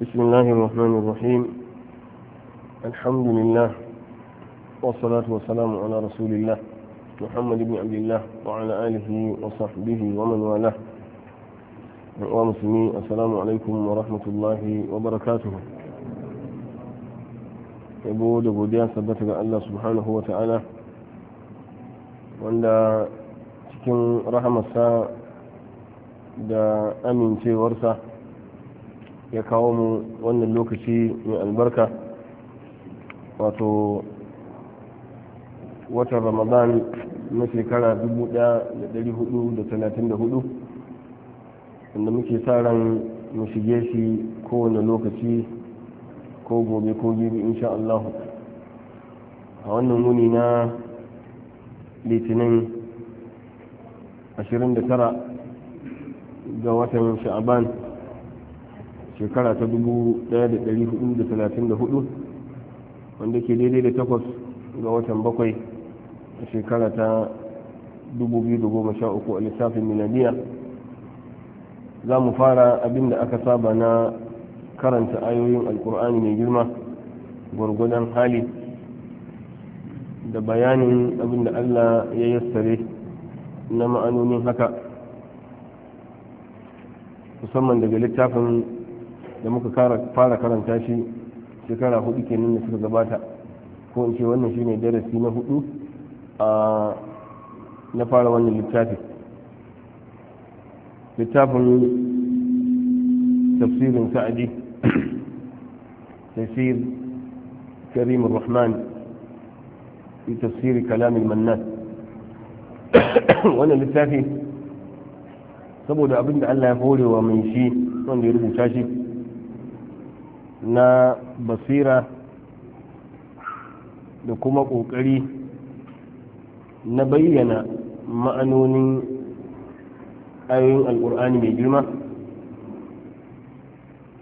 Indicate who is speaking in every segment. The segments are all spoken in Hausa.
Speaker 1: بسم الله الرحمن الرحيم الحمد لله والصلاة والسلام على رسول الله محمد بن عبد الله وعلى آله وصحبه ومن والاه ومسلمين السلام عليكم ورحمة الله وبركاته yabo da godiya sabbata ga Allah subhanahu wa ta'ala wanda cikin rahamarsa da amincewarsa ya kawo mu wannan lokaci mai albarka wato watan ramadan na shekara 1434 wanda muke sa ran mu shige shi kowane lokaci ko gobe ko jibi insha Allah a wannan wuni na litinin 29 ga watan sha'aban shekara ta 1434 wanda ke daidai da takwas ga watan bakwai a shekara ta 2013 a lissafin miladiya za mu fara abin da aka saba na karanta ayoyin alkur'ani mai girma gwargwadon hali da bayanin abin da allah ya yassare na ma'anonin haka musamman daga littafin da muka fara karanta shi shekara hudu ke nuna suka gabata ko in ce wannan shi ne darasi na hudu a na fara wannan littafi littafin tafsirin sa'adi tafsir karim rahman fi tafsir kalam mannan wannan littafi saboda abinda Allah ya horewa mai shi wanda ya rubuta shi na basira da kuma ƙoƙari na bayyana ma'anonin ayoyin alƙur'ani mai girma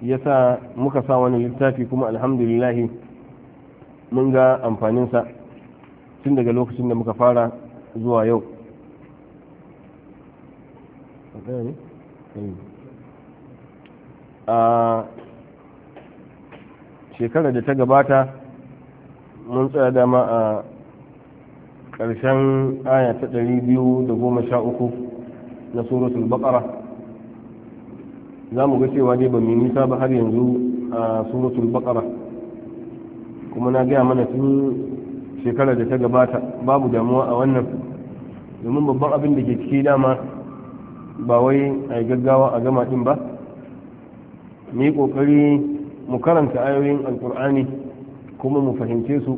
Speaker 1: ya sa muka sa wani littafi kuma alhamdulillahi mun ga amfaninsa tun daga lokacin da muka fara zuwa yau a shekarar da ta gabata mun tsaya dama a ƙarshen aya ta ɗari biyu da goma sha uku na suratul baqara za mu ga cewa dai ba mu nisa ba har yanzu a suratul baqara kuma na gaya mana tun shekarar da ta gabata babu damuwa a wannan domin babban abin da ke ciki dama ba wai a gaggawa a gama ɗin ba ni ƙoƙari mu karanta ayoyin alkur'ani kuma mu fahimce su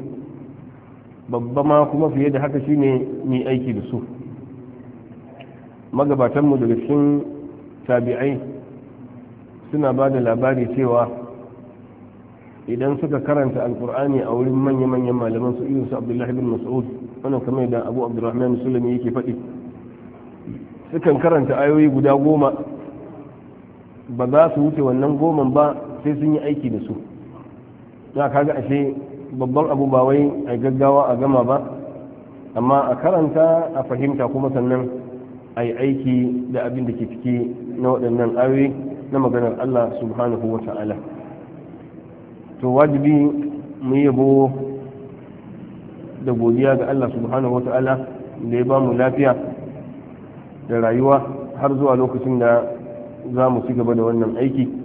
Speaker 1: babba ma kuma fiye da haka shine ni aiki da su magabatanmu daga cikin tabi'ai suna ba da labari cewa idan suka karanta alkur'ani a wurin manya-manyan malaman su irinsu abdullahi bin mas'ud wani kamar da abu abdurrahman musulmi yake faɗi sukan karanta ayoyi guda goma ba za su wuce wannan goman ba sai sun yi aiki da su za kaga ashe babban abu ba wai a gaggawa a gama ba amma a karanta a fahimta kuma sannan a yi aiki da abin da ke ciki na waɗannan ayoyi na maganar Allah subhanahu wa ta'ala to wajibi mu yabo da godiya ga Allah subhanahu wa ta'ala da ya ba mu lafiya da rayuwa har zuwa lokacin da za mu ci gaba da wannan aiki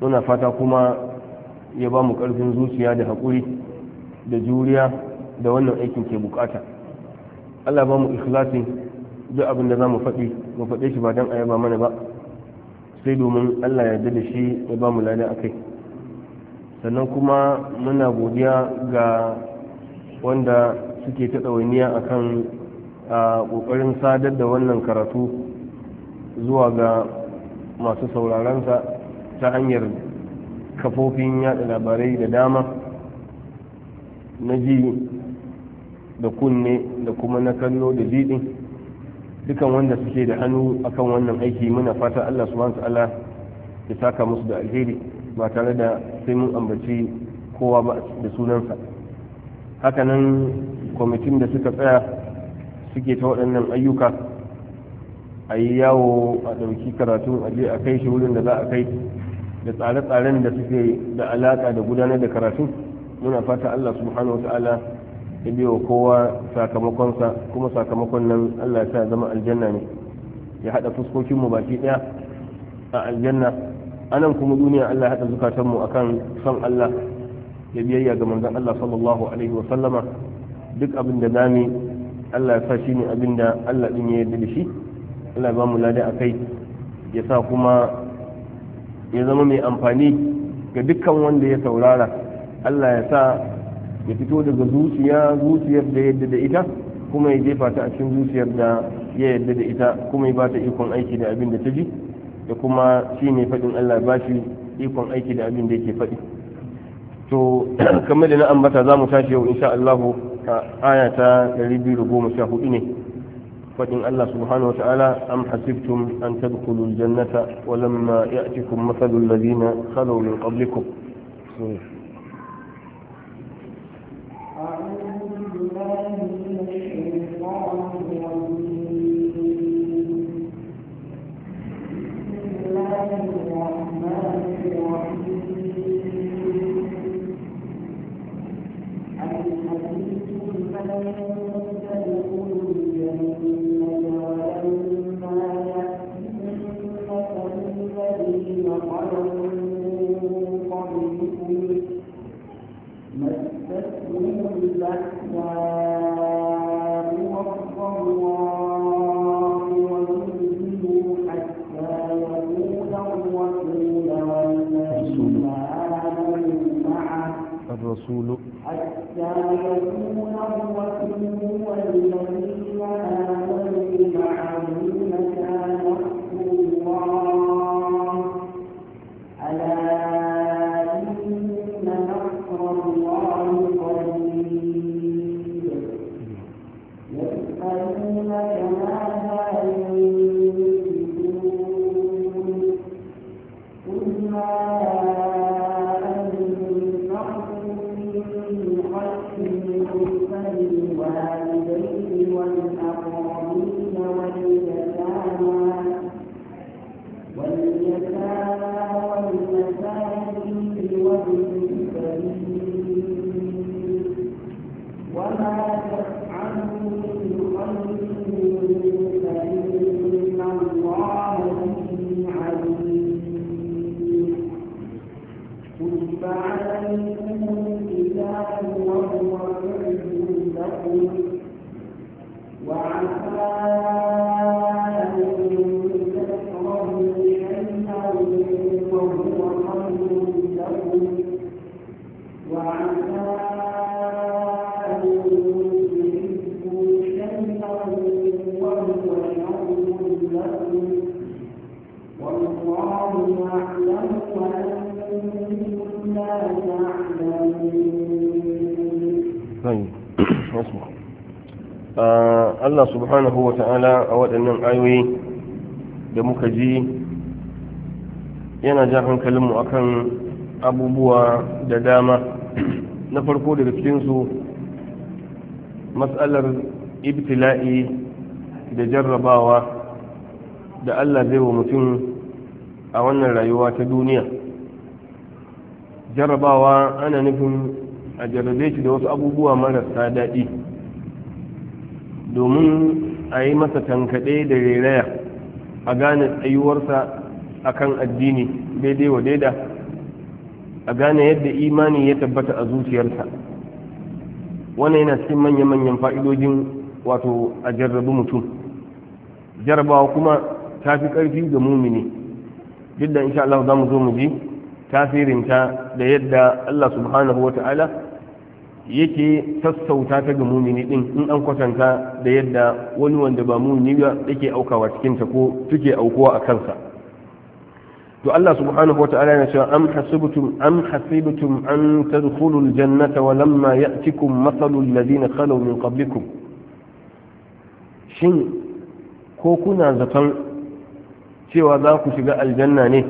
Speaker 1: muna fata kuma ya ba mu ƙarfin zuciya da haƙuri da juriya da wannan aikin ke bukata Allah ba mu ikhlasi duk abin da za mu faɗi mu faɗe shi ba don a yaba mana ba sai domin Allah ya da shi ya ba mu lada akai sannan kuma muna godiya ga wanda suke ta ɗawainiya akan a ƙoƙarin sadar da wannan karatu zuwa ga masu sauraronsa ta hanyar kafofin yada labarai da dama na ji da kunne da kuma na kallo da jiɗi dukan wanda suke da hannu akan wannan aiki muna fata allah su subhanahu Allah ya saka musu da alheri ba tare da sai mun ambaci kowa ba da sunansa hakanan kwamitin da suka tsaya suke ta waɗannan ayyuka a yi yawo a ɗauki karatun aje a kai shi wurin da za a kai da tsare-tsaren da suke da alaka da gudanar da karatun? muna fata Allah subhanahu ta'ala ya biyo kowa sakamakonsa kuma sakamakon nan Allah ta zama aljanna ne ya haɗa fuskokinmu baki ɗaya a aljanna anan kuma duniya Allah ya haɗa mu akan son Allah ya biyayya ga manzon Allah sallallahu alaihi wa sallama duk abin da dami Allah ya sa shi ne abin da Allah ɗin ya yarda da shi Allah ba mu lada kai ya sa kuma ya zama mai amfani ga dukkan wanda ya saurara Allah ya sa ya fito daga zuciya zuciyar da yadda da ita kuma ya jefa ta a cikin zuciyar da ya yadda da ita kuma ya ba ta ikon aiki da abin da ta ji da kuma shi ne faɗin Allah ba shi ikon aiki da abin da yake faɗi to kamar da na ambata za mu tashi yau insha Allah aya ta 214 ne فإن الله سبحانه وتعالى أم حسبتم أن تدخلوا الجنة ولما يأتكم مثل الذين خلوا من قبلكم yana jan hankalinmu akan abubuwa da dama na farko daga cikinsu matsalar ibtila'i da jarrabawa da allah zai wa mutum a wannan rayuwa ta duniya jarrabawa ana nufin a jarrabe shi da wasu abubuwa marasa daɗi domin a yi masa tankaɗe da rairaya, a gane tsayuwarsa akan addini daidai wa daida a gane yadda imani ya tabbata a zuciyarsa wannan yana cikin manya-manyan fa'idojin wato a jarrabu mutum jarrabawa kuma ta fi ƙarfi ga mumini duk da insha Allah za mu zo mu ji tasirinta da yadda Allah subhanahu wa ta'ala yake sassauta ta ga mumini din in an kwatanta da yadda wani wanda ba mumini ba yake aukawa cikinta ko suke aukuwa a kansa to Allah subhanahu wata'ala yana cewa am hasibtum am hasibtum an tadkhulul jannata wa lamma ya'tikum mathalul ladina khalaw min qablikum shin ko kuna zaton cewa za ku shiga aljanna ne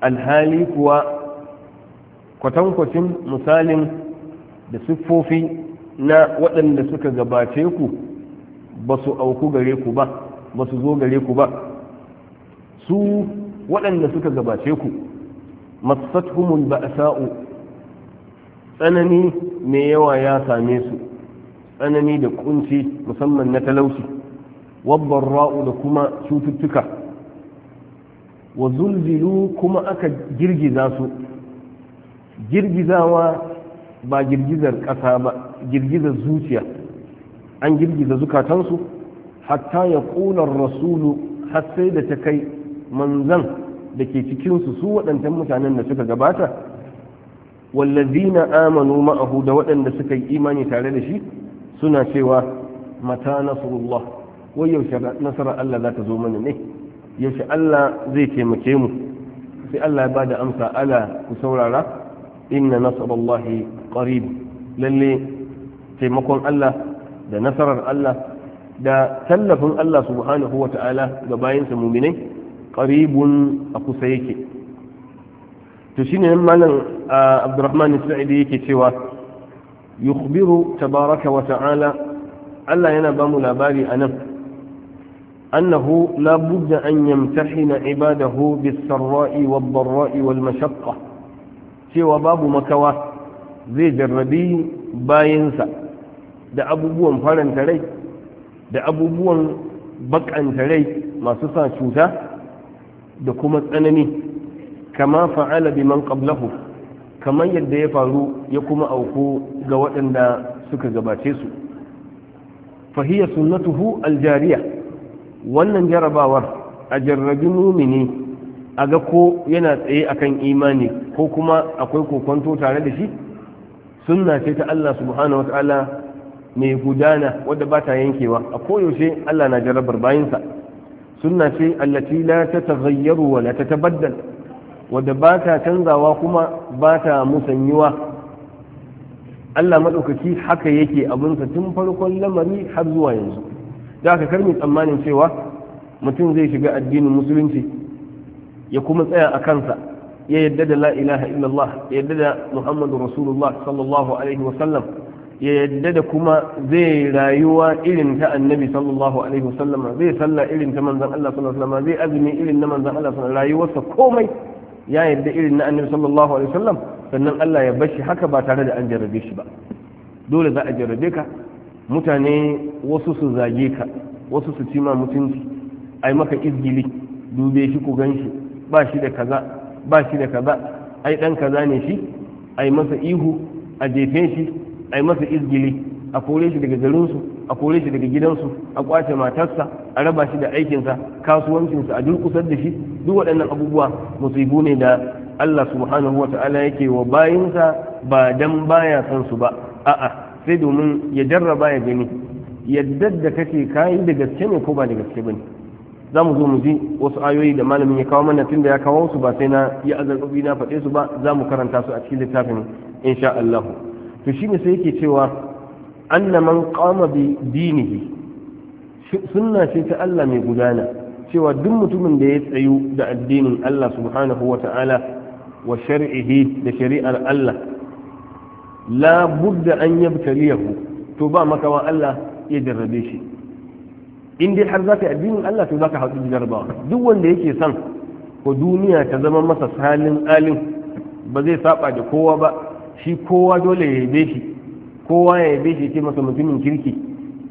Speaker 1: alhali kuwa kwatankwacin misalin da siffofi na waɗanda suka gabace ku ba su auku gare ku ba ba su zo gare ku ba su waɗanda suka gabace ku matsatuhumul ba'sa'u tsanani mai yawa ya same su tsanani da kunci musamman na talauci wabban ra'u da kuma cututtuka wa zulzilu kuma aka girgiza su girgizawa ba girgizar ƙasa ba girgizar zuciya an girgiza zukatansu hatta ya ƙunar rasulu har sai da ta kai manzan da ke cikinsu su waɗancan mutanen da suka gabata wallazina amanu ma'ahu da waɗanda suka yi imani tare da shi suna cewa mata nasrullah wai yaushe nasarar Allah za ta zo mana ne yaushe Allah zai taimake mu sai Allah ya bada amsa ala ku saurara inna nasrullahi qarib lalle taimakon Allah da nasarar Allah da tallafin Allah subhanahu wa ta'ala ga bayansa muminai qaribun a kusa yake to shine malam Abdurrahman Sa'idi yake cewa yukhbiru tabaraka wa ta'ala Allah yana ba mu labari anan أنه لا بد أن يمتحن عباده بالسراء والضراء والمشقة cewa babu makawa zai jarrabi باينسى da abubuwan faranta rai da abubuwan bakanta rai masu sa cuta da kuma tsanani kama fa'ala bi man qablahu kamar yadda ya faru ya kuma auku ga waɗanda suka gabace su fahiya sunnatuhu aljariya wannan jarabawar a jarrabi mumini a ga ko yana tsaye akan imani ko kuma akwai kokonto tare da shi sunna ce ta Allah subhanahu wata'ala mai gudana wadda ba ta yankewa a koyaushe Allah na jarabar bayansa sunna ce allati la tatagayyaru wa la tatabaddal wadda ba ta canzawa kuma ba ta musanyiwa. Allah maɗaukaki haka yake abinsa tun farkon lamari har zuwa yanzu da aka karmi tsammanin cewa mutum zai shiga addinin musulunci ya kuma tsaya a kansa ya yadda da la ilaha illallah ya yadda da muhammadu rasulullah sallallahu alaihi sallam. ya yadda da kuma zai rayuwa irin ta annabi sallallahu alaihi wasallam zai salla irin ta manzon Allah sallallahu alaihi wasallam zai azumi irin na manzon Allah sallallahu alaihi wasallam rayuwarsa komai ya yadda irin na annabi sallallahu alaihi wasallam sannan Allah ya bashi haka ba tare da an jarrabe shi ba dole za a jarrabe ka mutane wasu su zage ka wasu su cima mutunci ai maka izgili dube shi ku ganshi ba shi da kaza ba shi da kaza ai dan kaza ne shi ai masa ihu a jefe shi a yi masa izgili a kore shi daga garinsu a kore shi daga gidansu a kwace matarsa a raba shi da aikinsa kasuwancinsa a durkusar da shi duk waɗannan abubuwa musibu ne da Allah subhanahu wata'ala yake wa bayinsa ba dan baya san su ba a'a sai domin ya jarraba ya gani yadda da kake kayi da gaske ne ko ba da gaske bane za mu zo mu ji wasu ayoyi da malamin ya kawo mana tun da ya kawo su ba sai na yi azarbabi na faɗe su ba za mu karanta su a cikin littafin insha Allah to shi ne sai yake cewa annaman man bi dinihi sunna ce ta Allah mai gudana cewa duk mutumin da ya tsayu da addinin Allah subhanahu wa ta'ala wa shar'ihi da shari'ar Allah la budda an yabtaliyahu to ba makawa Allah ya jarrabe shi in dai har zaka addinin Allah to zaka haɗu jarrabawa duk wanda yake son ko duniya ta zama masa salin alin ba zai saba da kowa ba shi kowa dole ya yabe shi kowa ya yabe shi ce masa mutumin kirki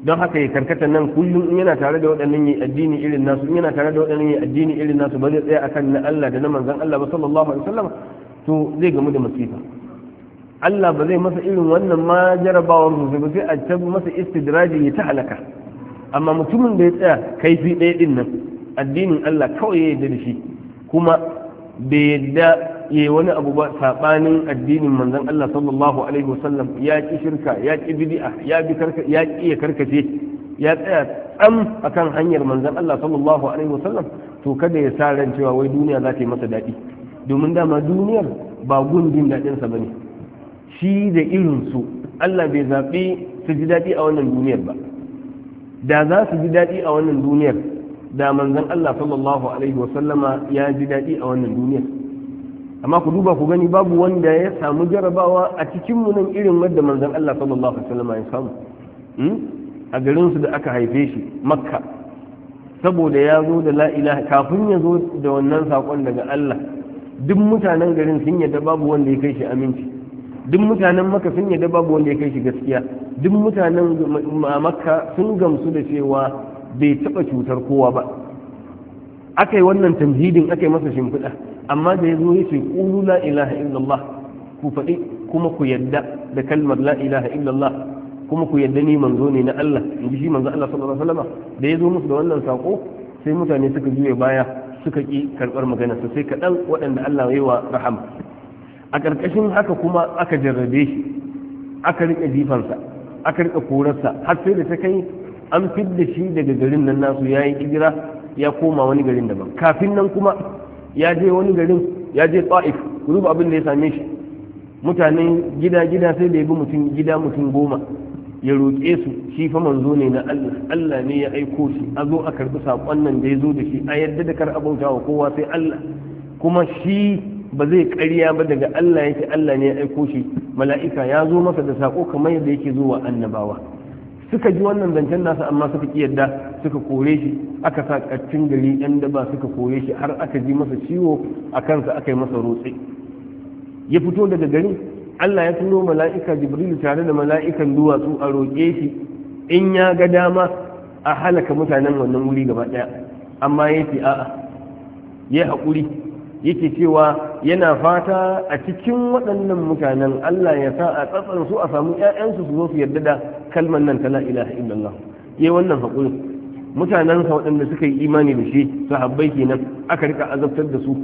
Speaker 1: don haka ya karkata nan kullum in yana tare da waɗannan yi addini irin nasu in yana tare da waɗannan yi addini irin nasu ba zai tsaya akan na Allah da na manzon Allah ba sallallahu alaihi wasallam to zai gamu da masifa Allah ba zai masa irin wannan ma jarabawar musu ba sai a tabi masa istidraji ya ta halaka amma mutumin da ya tsaya kaifi ɗaya ɗin nan addinin Allah kawai ya yarda da shi kuma bai yarda yi eh, wani abu ba sabanin addinin manzon Allah sallallahu alaihi wasallam ya ki shirka ya ki bid'a ya bi karka ya ki ya karkace ya tsaya tsam akan hanyar manzon Allah sallallahu alaihi wasallam to kada ya sa ran cewa wai duniya za ta yi masa daɗi domin dama duniyar ba gundin daɗin sa bane shi da irin su Allah bai zaɓi su ji daɗi a wannan duniyar ba da za su ji daɗi a wannan duniyar da manzon Allah sallallahu alaihi wasallama ya ji daɗi a wannan duniyar amma ku duba ku gani babu wanda ya samu jarabawa a cikin mu nan irin wanda manzon Allah sallallahu alaihi wasallam ya samu hmm? a garin su da aka haife shi makka saboda ya zo da la ilaha kafin ya zo da wannan sakon daga Allah duk mutanen garin sun yadda babu wanda ya kai shi aminci duk mutanen makka sun yadda babu wanda ya kai shi gaskiya duk mutanen makka sun gamsu da cewa bai taba cutar kowa ba akai wannan tamhidin akai masa shimfiɗa amma da ya zo ya ce ƙulu la ilaha illallah ku faɗi kuma ku yadda da kalmar la ilaha illallah kuma ku yadda ni manzo ne na Allah in ji shi manzo Allah sallallahu alaihi wasallam da ya zo musu da wannan sako sai mutane suka juye baya suka ki karbar magana su sai kaɗan waɗanda Allah ya wa rahama a ƙarƙashin haka kuma aka jarrabe shi aka rike jifansa aka rike korarsa har sai da ta kai an fidda shi daga garin nan nasu yayin yi hijira ya koma wani garin daban kafin nan kuma ya je wani garin ya je ta'if ku duba abin da ya same shi mutanen gida gida sai da ya bi mutum gida mutum goma ya roƙe su shi fa manzo ne na Allah Allah ne ya aiko shi a zo a karɓi saƙon nan da ya zo da shi a yadda da kar abauta wa kowa sai Allah kuma shi ba zai ƙarya ba daga Allah yake Allah ne ya aiko shi mala'ika ya zo masa da saƙo kamar yadda yake zo wa annabawa suka ji wannan zancen nasa amma suka ki yadda suka kore shi aka sa kaccin gari yan daba suka kore shi har aka ji masa ciwo a kansa aka yi masa rotse ya fito daga gari Allah ya tuno mala'ika Jibril tare da mala'ikan duwatsu a roƙe shi in ya ga dama a halaka mutanen wannan wuri gaba ɗaya amma ya ce a'a ya haƙuri yake cewa yana fata a cikin waɗannan mutanen Allah ya sa a tsatsar su a samu ƴaƴansu su zo su yarda da kalmar nan ta a ilaha Allah. yayi wannan haƙuri. mutanen waɗanda suka yi imani da shi su sahabbai kenan aka rika azabtar da su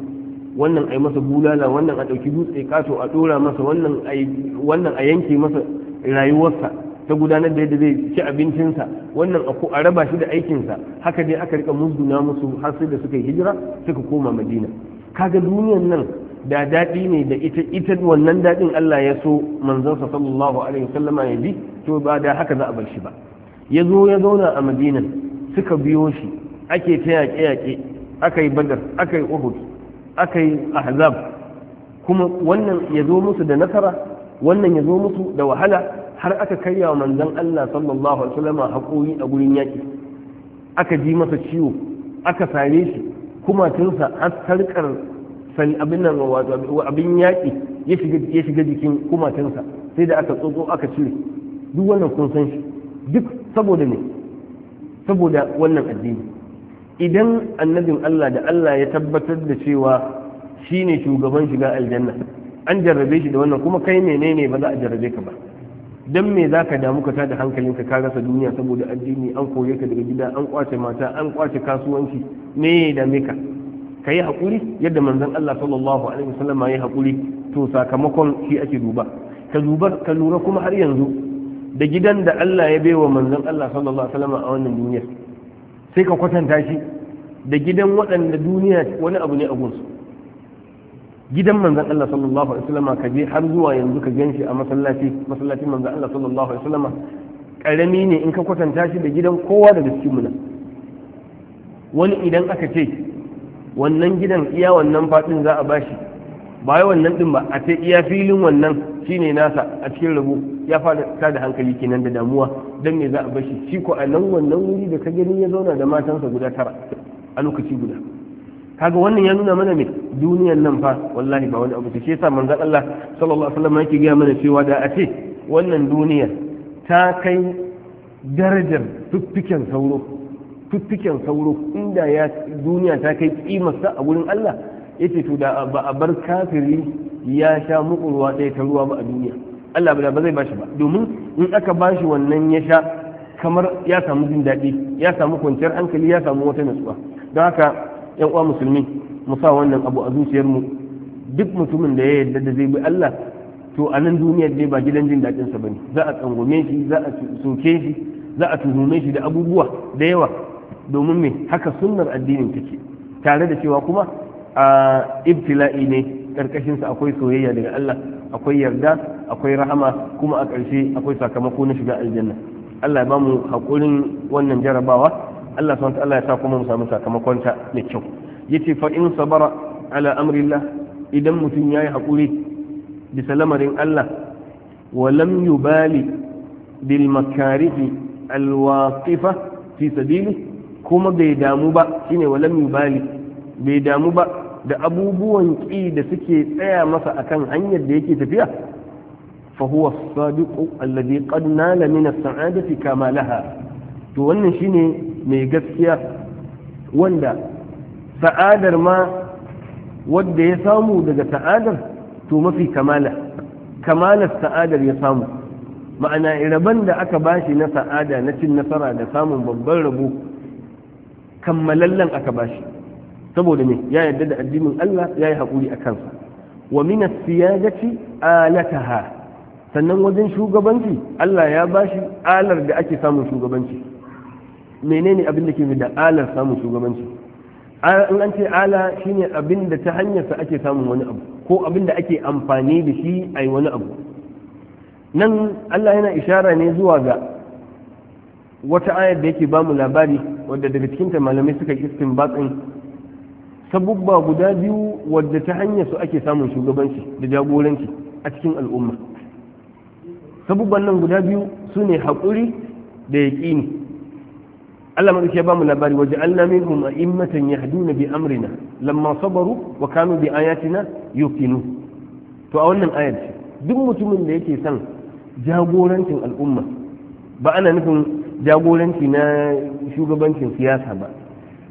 Speaker 1: wannan a yi masa bulala wannan a ɗauki dutse kato a ɗora masa wannan a yanke masa rayuwarsa ta gudanar da yadda zai ci abincinsa wannan a raba shi da aikinsa haka dai aka rika musu har sai da suka yi hijira suka koma madina kaga duniyan nan da daɗi ne da ita ita wannan daɗin Allah ya so sa sallallahu alaihi wasallama ya bi to ba da haka za a bar shi ba ya zo ya zauna a madina suka biyo shi ake ta yaƙe-yaƙe aka yi badar aka yi uhud aka yi ahzab kuma wannan ya zo musu da nasara wannan ya zo musu da wahala har aka karya wa manzon Allah sallallahu alaihi wasallama haƙoƙi a gurin yaƙi aka ji masa ciwo aka sare shi kumatunsa asarkar abin nan wato abin yaƙi ya shiga jikin kumatunsa sai da aka aka cire duk wannan kun san shi duk saboda ne saboda wannan addini idan annabin Allah da Allah ya tabbatar da cewa shi ne shugaban shiga aljanna an jarrabe shi da wannan kuma kai menene ba za a jarrabe ka ba dan me zaka damu ka tada hankalinka ka rasa duniya saboda addini an koye ka daga gida an kwace mata an kwace kasuwanci me ya dame ka kayi hakuri yadda manzon Allah sallallahu alaihi wasallam ya hakuri to sakamakon shi ake duba ka duba ka lura kuma har yanzu da gidan da Allah ya baiwa manzon Allah sallallahu alaihi wasallam a wannan duniya sai ka kwatanta shi da gidan waɗanda duniya wani abu ne a gunsu gidan manzan Allah sallallahu alaihi ka je har zuwa yanzu ka ganshi a masallaci masallacin manzan Allah sallallahu alaihi karami ne in ka kwatanta shi da gidan kowa daga cikin mu wani idan aka ce wannan gidan iya wannan fadin za a bashi ba wannan din ba a ce iya filin wannan shine nasa a cikin rabo ya fara ta da hankali kenan da damuwa dan me za a bashi shi ko a nan wannan wuri da ka gani ya zauna da matansa guda tara a lokaci guda kaga wannan ya nuna mana me duniyar nan fa wallahi ba wani abu ce yasa manzon Allah sallallahu alaihi wasallam yake gaya mana cewa da a ce wannan duniyar ta kai darajar fiffiken sauro fiffiken sauro inda ya duniya ta kai sa a gurin Allah yace to da ba a bar kafiri ya sha muku ruwa ɗaya ta ruwa ba a duniya Allah ba zai bashi ba domin in aka bashi wannan ya sha kamar ya samu jin daɗi ya samu kwanciyar hankali ya samu wata natsuwa don haka yan uwa musulmi mu sa wannan abu a zuciyar mu duk mutumin da ya yarda da zai bi Allah to a nan duniyar dai ba gidan jin daɗin sa bane za a tsangome shi za a soke shi za a tuhume shi da abubuwa da yawa domin me haka sunnar addinin take tare da cewa kuma a ibtila'i ne karkashin sa akwai soyayya daga Allah akwai yarda akwai rahama kuma a ƙarshe akwai sakamako na shiga aljanna Allah ya ba mu hakurin wannan jarabawa Allah subhanahu Allah ya sa kuma mu samu sakamakon ta da kyau yace fa in sabara ala amrillah idan mutum yayi hakuri bisa lamarin Allah wa lam yubali bil al waqifa fi sabili kuma bai damu ba shine wa lam yubali bai damu ba da abubuwan ƙi da suke tsaya masa akan hanyar da yake tafiya fa huwa as-sadiqu alladhi qad nala saadati to wannan shine mai gaskiya wanda sa'adar ma wadda ya samu daga sa'adar to mafi kamala kamalar sa'adar ya samu ma'ana iraban da aka bashi na sa'ada na cin nasara da samun babban rabo kammalallen aka bashi saboda me ya yarda da addinin Allah ya yi haƙuri a kansa wa min as alataha sannan wajen shugabanci Allah ya bashi alar da ake samun shugabanci menene abin da ke da alar samun shugabanci in an ce ala shine abin da ta hanyarsa ake samun wani abu ko abin da ake amfani da shi a wani abu nan Allah yana ishara ne zuwa ga wata ayar da yake bamu labari wadda daga cikinta malamai suka istin batsin sabubba guda biyu wadda ta hanyar su ake samun shugabanci da jagoranci a cikin al'umma sabubban nan guda biyu su ne haƙuri da yaƙini Allah madauki ya bamu labari waje Allah minhum a'immatan yahduna bi amrina lamma sabaru wa kanu bi ayatina yuqinu to a wannan ayar ce duk mutumin da yake son jagorancin al'umma ba ana nufin jagoranci na shugabancin siyasa ba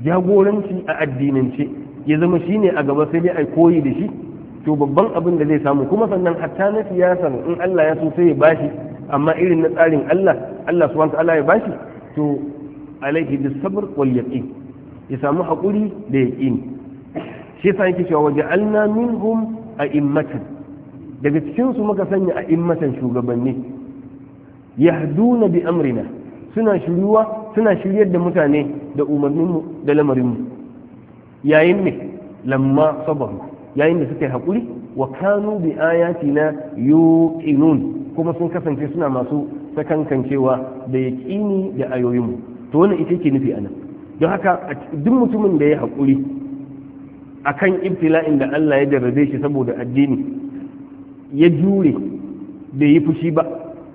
Speaker 1: jagoranci a addinance ya zama shine a gaba sai dai a koyi da shi to babban abin da zai samu kuma sannan hatta na siyasar in Allah ya so sai ya bashi amma irin na tsarin Allah Allah subhanahu wa ta'ala ya bashi to alaihi bisabr wal yaqin ya samu hakuri da yaqini shi yasa yake cewa waja'alna minhum a'immatan daga cikin su muka sanya a immatan shugabanni yahduna bi amrina suna shiryuwa suna shiryar da mutane da umarninmu da lamarinmu yayin ne lamma sabaru yayin da suka yi haƙuri wa kanu bi ayatina yuqinun kuma sun kasance suna masu sakankancewa da yaqini da ayoyinmu to wannan ita ke nufi anan don haka duk mutumin da ya haƙuri akan ibtila'in da Allah ya jarrabe shi saboda addini ya jure bai yi fushi ba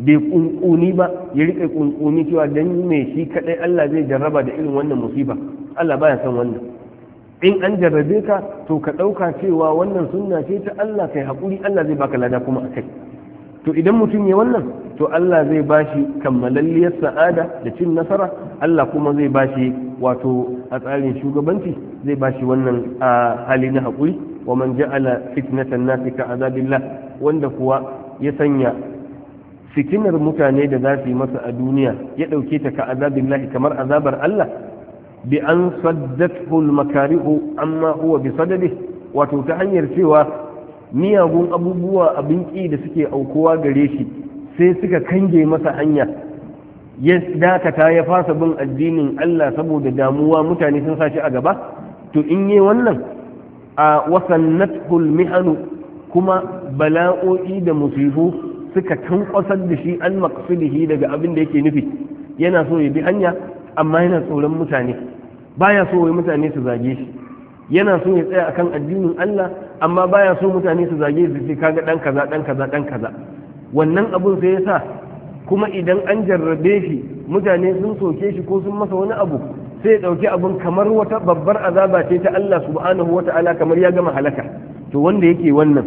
Speaker 1: bai kunkuni ba ya rike kunkuni cewa dan me shi kadai Allah zai jarraba da irin wannan musiba Allah baya san wannan in an jarrabe ka to ka ɗauka cewa wannan sunna ce ta Allah kai haƙuri Allah zai baka lada kuma a kai. to idan mutum ya wannan to Allah zai bashi kammalalliyar sa'ada da cin nasara Allah kuma zai bashi wato a tsarin shugabanci zai bashi wannan a hali na haƙuri wa man ja'ala fitnatan nasi ka azabillah wanda kuwa ya sanya fitinar mutane da za su yi masa a duniya ya ɗauke ta ka azabillahi kamar azabar Allah bi an saddathu al-makarihu amma huwa bi sadadihi wato ta hanyar cewa miyagun abubuwa abin ƙi da suke aukowa gare shi sai suka kange masa hanya ya dakata ya fasa bin addinin Allah saboda damuwa mutane sun sashi a gaba to in yi wannan a wasannatul mihanu kuma bala'o'i da musifu suka tankwasar da shi an maqsidihi daga abin da yake nufi yana so ya bi hanya amma yana tsoron mutane baya so wai mutane su zage shi yana so ya tsaya akan addinin Allah amma baya so mutane su zage su ce kaga dan kaza dan kaza dan kaza wannan abun sai yasa kuma idan an jarrabe shi mutane sun soke shi ko sun masa wani abu sai ya dauki abun kamar wata babbar azaba ce ta Allah subhanahu wata'ala kamar ya gama halaka to wanda yake wannan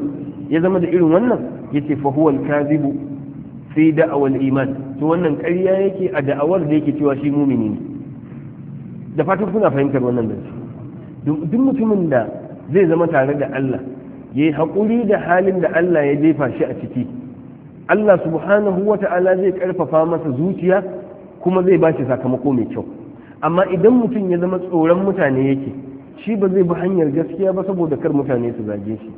Speaker 1: ya zama da irin wannan yace fa huwal kazibu fi da'awal iman to wannan ƙarya yake a da'awar da yake cewa shi mumini ne da fatan kuna fahimtar wannan zance duk mutumin da zai zama tare da Allah ya yi haƙuri da halin da Allah ya jefa shi a ciki Allah subhanahu wa ta'ala zai ƙarfafa masa zuciya kuma zai ba shi sakamako mai kyau amma idan mutum ya zama tsoron mutane yake shi ba zai bi hanyar gaskiya ba saboda kar mutane su zage shi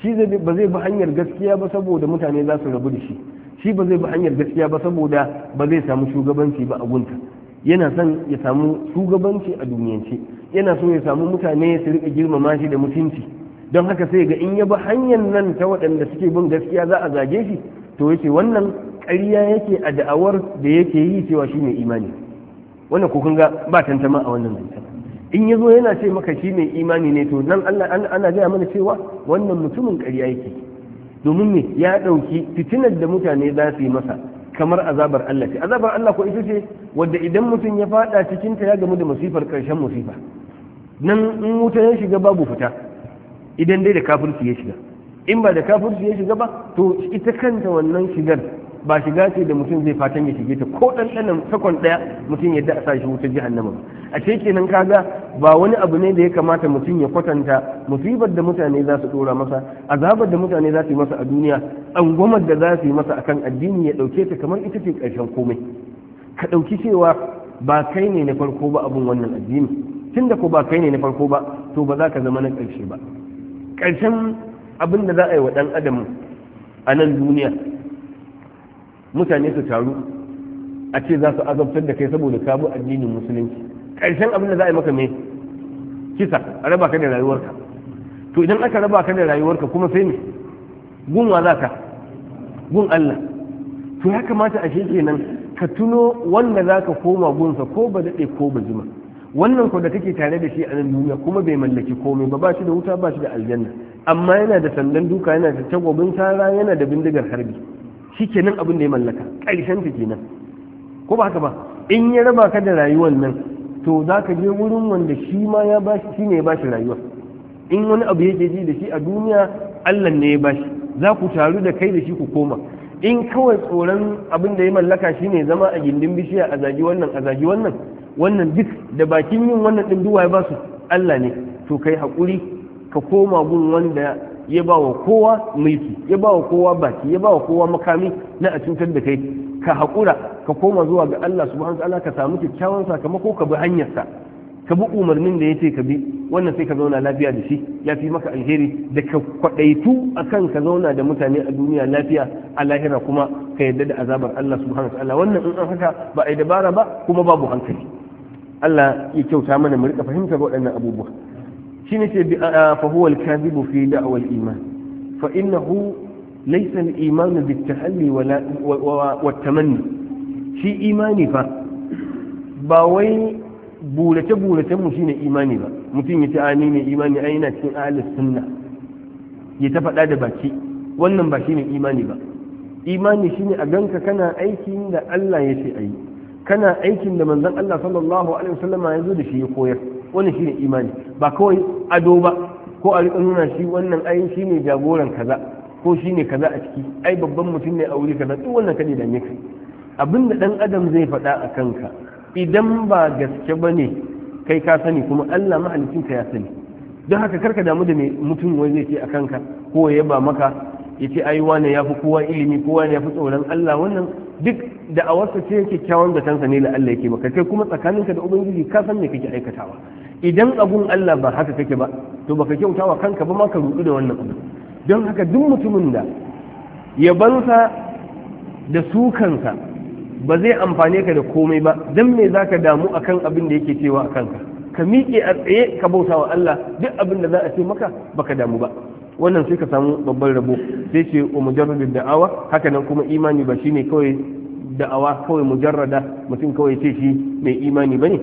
Speaker 1: shi ba zai bi hanyar gaskiya ba saboda mutane za su rabu da shi shi ba zai bi hanyar gaskiya ba saboda ba zai samu shugabanci ba a gunta yana son ya samu shugabanci a duniyance yana so ya samu mutane su rika girmama shi da mutunci don haka sai ga in ya bi hanyar nan ta waɗanda suke bin gaskiya za a zage shi to yace wannan ƙarya yake a da'awar da yake yi cewa shi ne imani wannan ko kun ga ba tantama a wannan zancen in ya zo yana ce maka shi ne imani ne to nan Allah ana gaya mana cewa wannan mutumin ƙarya yake domin ne ya ɗauki fitinar da mutane za su yi masa kamar azabar Allah ce azabar Allah ko ita ce wadda idan mutum ya faɗa cikinta ya gamu da masifar ƙarshen musifa nan in wuta ya shiga babu fita idan dai da kafirci ya shiga in ba da kafirci ya shiga ba to ita kanta wannan shigar ba shiga ce da mutum zai fatan ya shige ta ko ɗanɗanan sakon daya mutum ya da sa shi wutar jahannama a ce kenan kaga ba wani abu ne da ya kamata mutum ya kwatanta musibar da mutane za su dora masa azabar da mutane za su yi masa a duniya angwamar da za su yi masa akan addini ya ɗauke ta kamar ita ce karshen komai ka ɗauki cewa ba kai ne na farko ba abun wannan addini tun da ko ba kai ne na farko ba to ba za ka zama na ƙarshe ba ƙarshen abin da za a yi wa ɗan adam a nan duniya mutane su taru a ce za su azabtar da kai saboda ka bi addinin musulunci ƙarshen abin da za a yi maka mai kisa a raba ka da rayuwarka to idan aka raba ka da rayuwarka kuma sai ne wa za ka gun Allah to ya kamata a shi kenan ka tuno wanda za ka koma gunsa ko ba daɗe ko ba zuma wannan ko da take tare da shi a nan duniya kuma bai mallaki komai ba ba shi da wuta ba shi da aljanna amma yana da sandan duka yana da tagwabin sara yana da bindigar harbi shi kenan abin da ya mallaka ƙarshen ta kenan ko ba haka ba in ya raba ka da rayuwar nan to za ka je wurin wanda shi ma ya ba shi ne ya shi rayuwa in wani abu yake ji da shi a duniya Allah ne ya bashi za ku taru da kai da shi ku koma in kawai tsoron abin da ya mallaka shi ne zama a gindin bishiya a zagi wannan a zagi wannan wannan duk da bakin yin wannan ɗin duwaye ba su Allah ne to kai haƙuri ka koma gun wanda ya ba wa kowa mulki ya ba wa kowa baki ya ba wa kowa makami na a cutar da kai ka haƙura ka koma zuwa ga Allah subhanahu ta'ala ka samu kyakkyawan sakamako ka bi hanyarsa ka bi umarnin da ya ce ka bi wannan sai ka zauna lafiya da shi ya fi maka alheri da ka kwaɗaitu akan ka zauna da mutane a duniya lafiya a lahira kuma ka yarda da azabar Allah subhanahu ta'ala wannan in an haka ba a yi dabara ba kuma babu hankali Allah ya kyauta mana mu rika fahimtar waɗannan abubuwa shi ne ce fa huwa al-kadhibu fi da'wal iman fa innahu laysa al-iman bit-tahalli wala wat-tamanni shi imani fa ba wai burace burace mu shine imani ba mutum ya ce ani ne imani ai ina cikin ahlus sunna ya ta faɗa da baki wannan ba shine imani ba imani shine a ganka kana aikin da Allah ya ce ayi kana aikin da manzon Allah sallallahu alaihi wasallam ya zo da shi ya koyar wannan shine imani ba kawai ado ba ko a riƙa nuna shi wannan ai shine jagoran kaza ko shine kaza a ciki ai babban mutum ne a wuri kaza duk wannan kade da abin da dan adam zai faɗa a kanka idan ba gaske bane kai ka sani kuma Allah mahalicin ya sani don haka karka damu da mutum wai zai ce a kanka ko ya yaba maka yace ai wani ya fi kowa ilimi kowa ya fi tsoron Allah wannan duk da a wasu ce kyawun da tansa ne la Allah yake maka kai kuma tsakaninka da ubangiji ka san me kake aikatawa idan abun Allah ba haka kake ba to baka kyautawa kanka ba ma ka rudu da wannan abu don haka duk mutumin da bansa da kanka ba zai amfane ka da komai ba don me zaka damu akan abin da yake cewa akan ka ka miƙe a tsaye ka bautawa Allah duk abin da za a ce maka baka damu ba wannan sai ka samu babban rabo sai ce wa mujarradin da'awa haka nan kuma imani ba shine kawai da'awa kawai mujarrada mutum kawai ce shi mai imani bane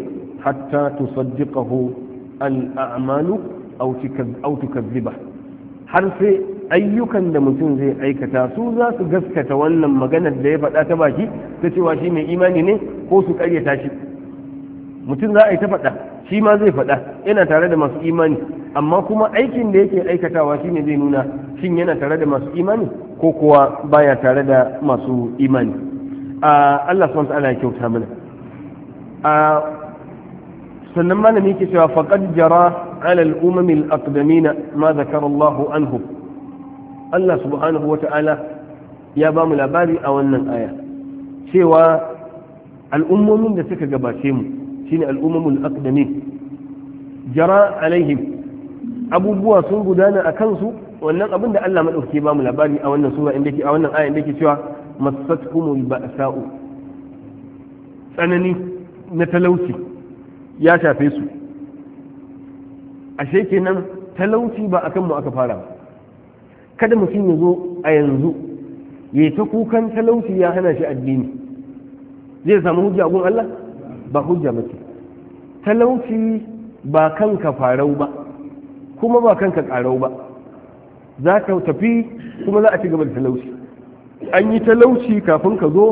Speaker 1: hatta tusaddiqahu al-a'malu aw tukazziba har sai ayyukan da mutum zai aikata su za su gaskata wannan maganar da ya faɗa ta baki ta cewa shi mai imani ne ko su ƙaryata shi mutum za a yi ta faɗa shi ma zai faɗa yana tare da masu imani amma kuma aikin da yake aikatawa shine zai nuna shin yana tare da masu imani ko kuwa baya tare da masu imani Allah ta'ala ya kyauta mana sannan malami yake cewa faqad jara ala al-umam al-aqdamin ma zakara Allah anhu Allah subhanahu wata'ala ya ba mu labari a wannan aya cewa al'ummomin da suka gabace mu shine al'ummul aqdamin jara alaihim abubuwa sun gudana a kansu wannan abin da Allah madaukake ba mu labari a wannan sura inda ke a wannan aya inda ke cewa masatkumul ba'sa'u tsanani na talauci ya shafe su ashe kenan talauci ba akan mu aka fara ba kada mutum ya zo a yanzu ya ta kukan talauci ya hana shi addini zai samu hujja gun Allah ba hujja mace talauci ba kanka farau ba kuma ba kanka karau ba za ka tafi kuma za a ci gaba da talauci an yi talauci kafin ka zo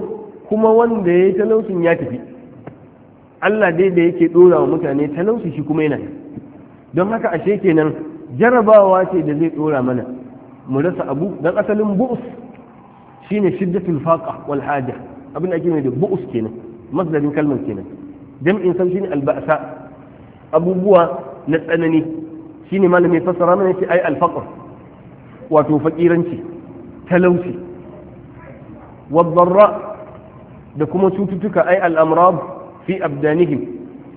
Speaker 1: kuma wanda ya yi talaucin ya tafi Allah dai da yake dora wa mutane talauci shi kuma yana don haka ashe kenan jarabawa ce da zai dora mana mu rasa abu dan asalin bu'us shine shiddatul faqa wal haja abin da ake mai da bu'us kenan masdarin kalmar kenan jam'in shi ne alba'sa abubuwa na tsanani shine malamin fassara mana shi ai alfaqr wato fakiranci talauci wadarra da kuma cututtuka ai al'amrad fi abdanihim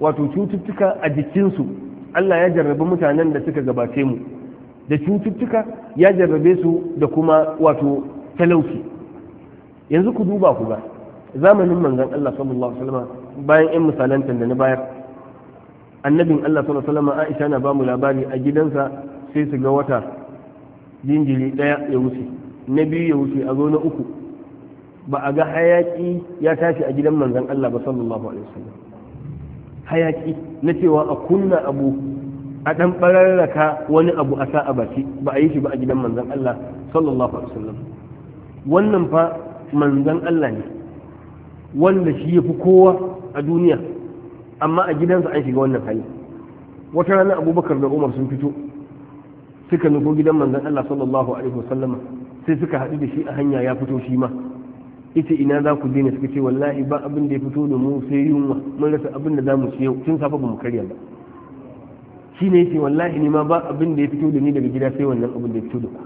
Speaker 1: wato cututtuka a jikinsu Allah ya jarrabi mutanen da suka gabace mu da cututtuka ya jarrabe su da kuma wato talauci yanzu ku duba ku ba zamanin manzon Allah sallallahu alaihi wasallam bayan yan misalantar da na bayar annabin Allah sallallahu alaihi wasallam Aisha na ba mu labari a gidansa sai su ga wata jinjiri daya ya wuce na biyu ya wuce a zo na uku ba a ga hayaki ya tashi a gidan manzon Allah ba sallallahu alaihi wasallam hayaki na cewa a kunna abu a dan bararraka wani abu a sa a baki ba a yi shi ba a gidan manzon Allah sallallahu alaihi wasallam wannan fa manzon Allah ne wanda shi ya fi kowa a duniya amma a gidansa an shiga wannan hali wata rana abubakar da umar sun fito suka nufo gidan manzan allah sallallahu alaihi wasallama sai suka haɗu da shi a hanya ya fito shi ma ita ina za ku daina suka ce wallahi ba abin da ya fito da mu sai yunwa mun rasa abin da za mu ci tun safa ba mu karya ba shi ne yace wallahi ne ma ba abin da ya fito da ni daga gida sai wannan abin da ya fito da ku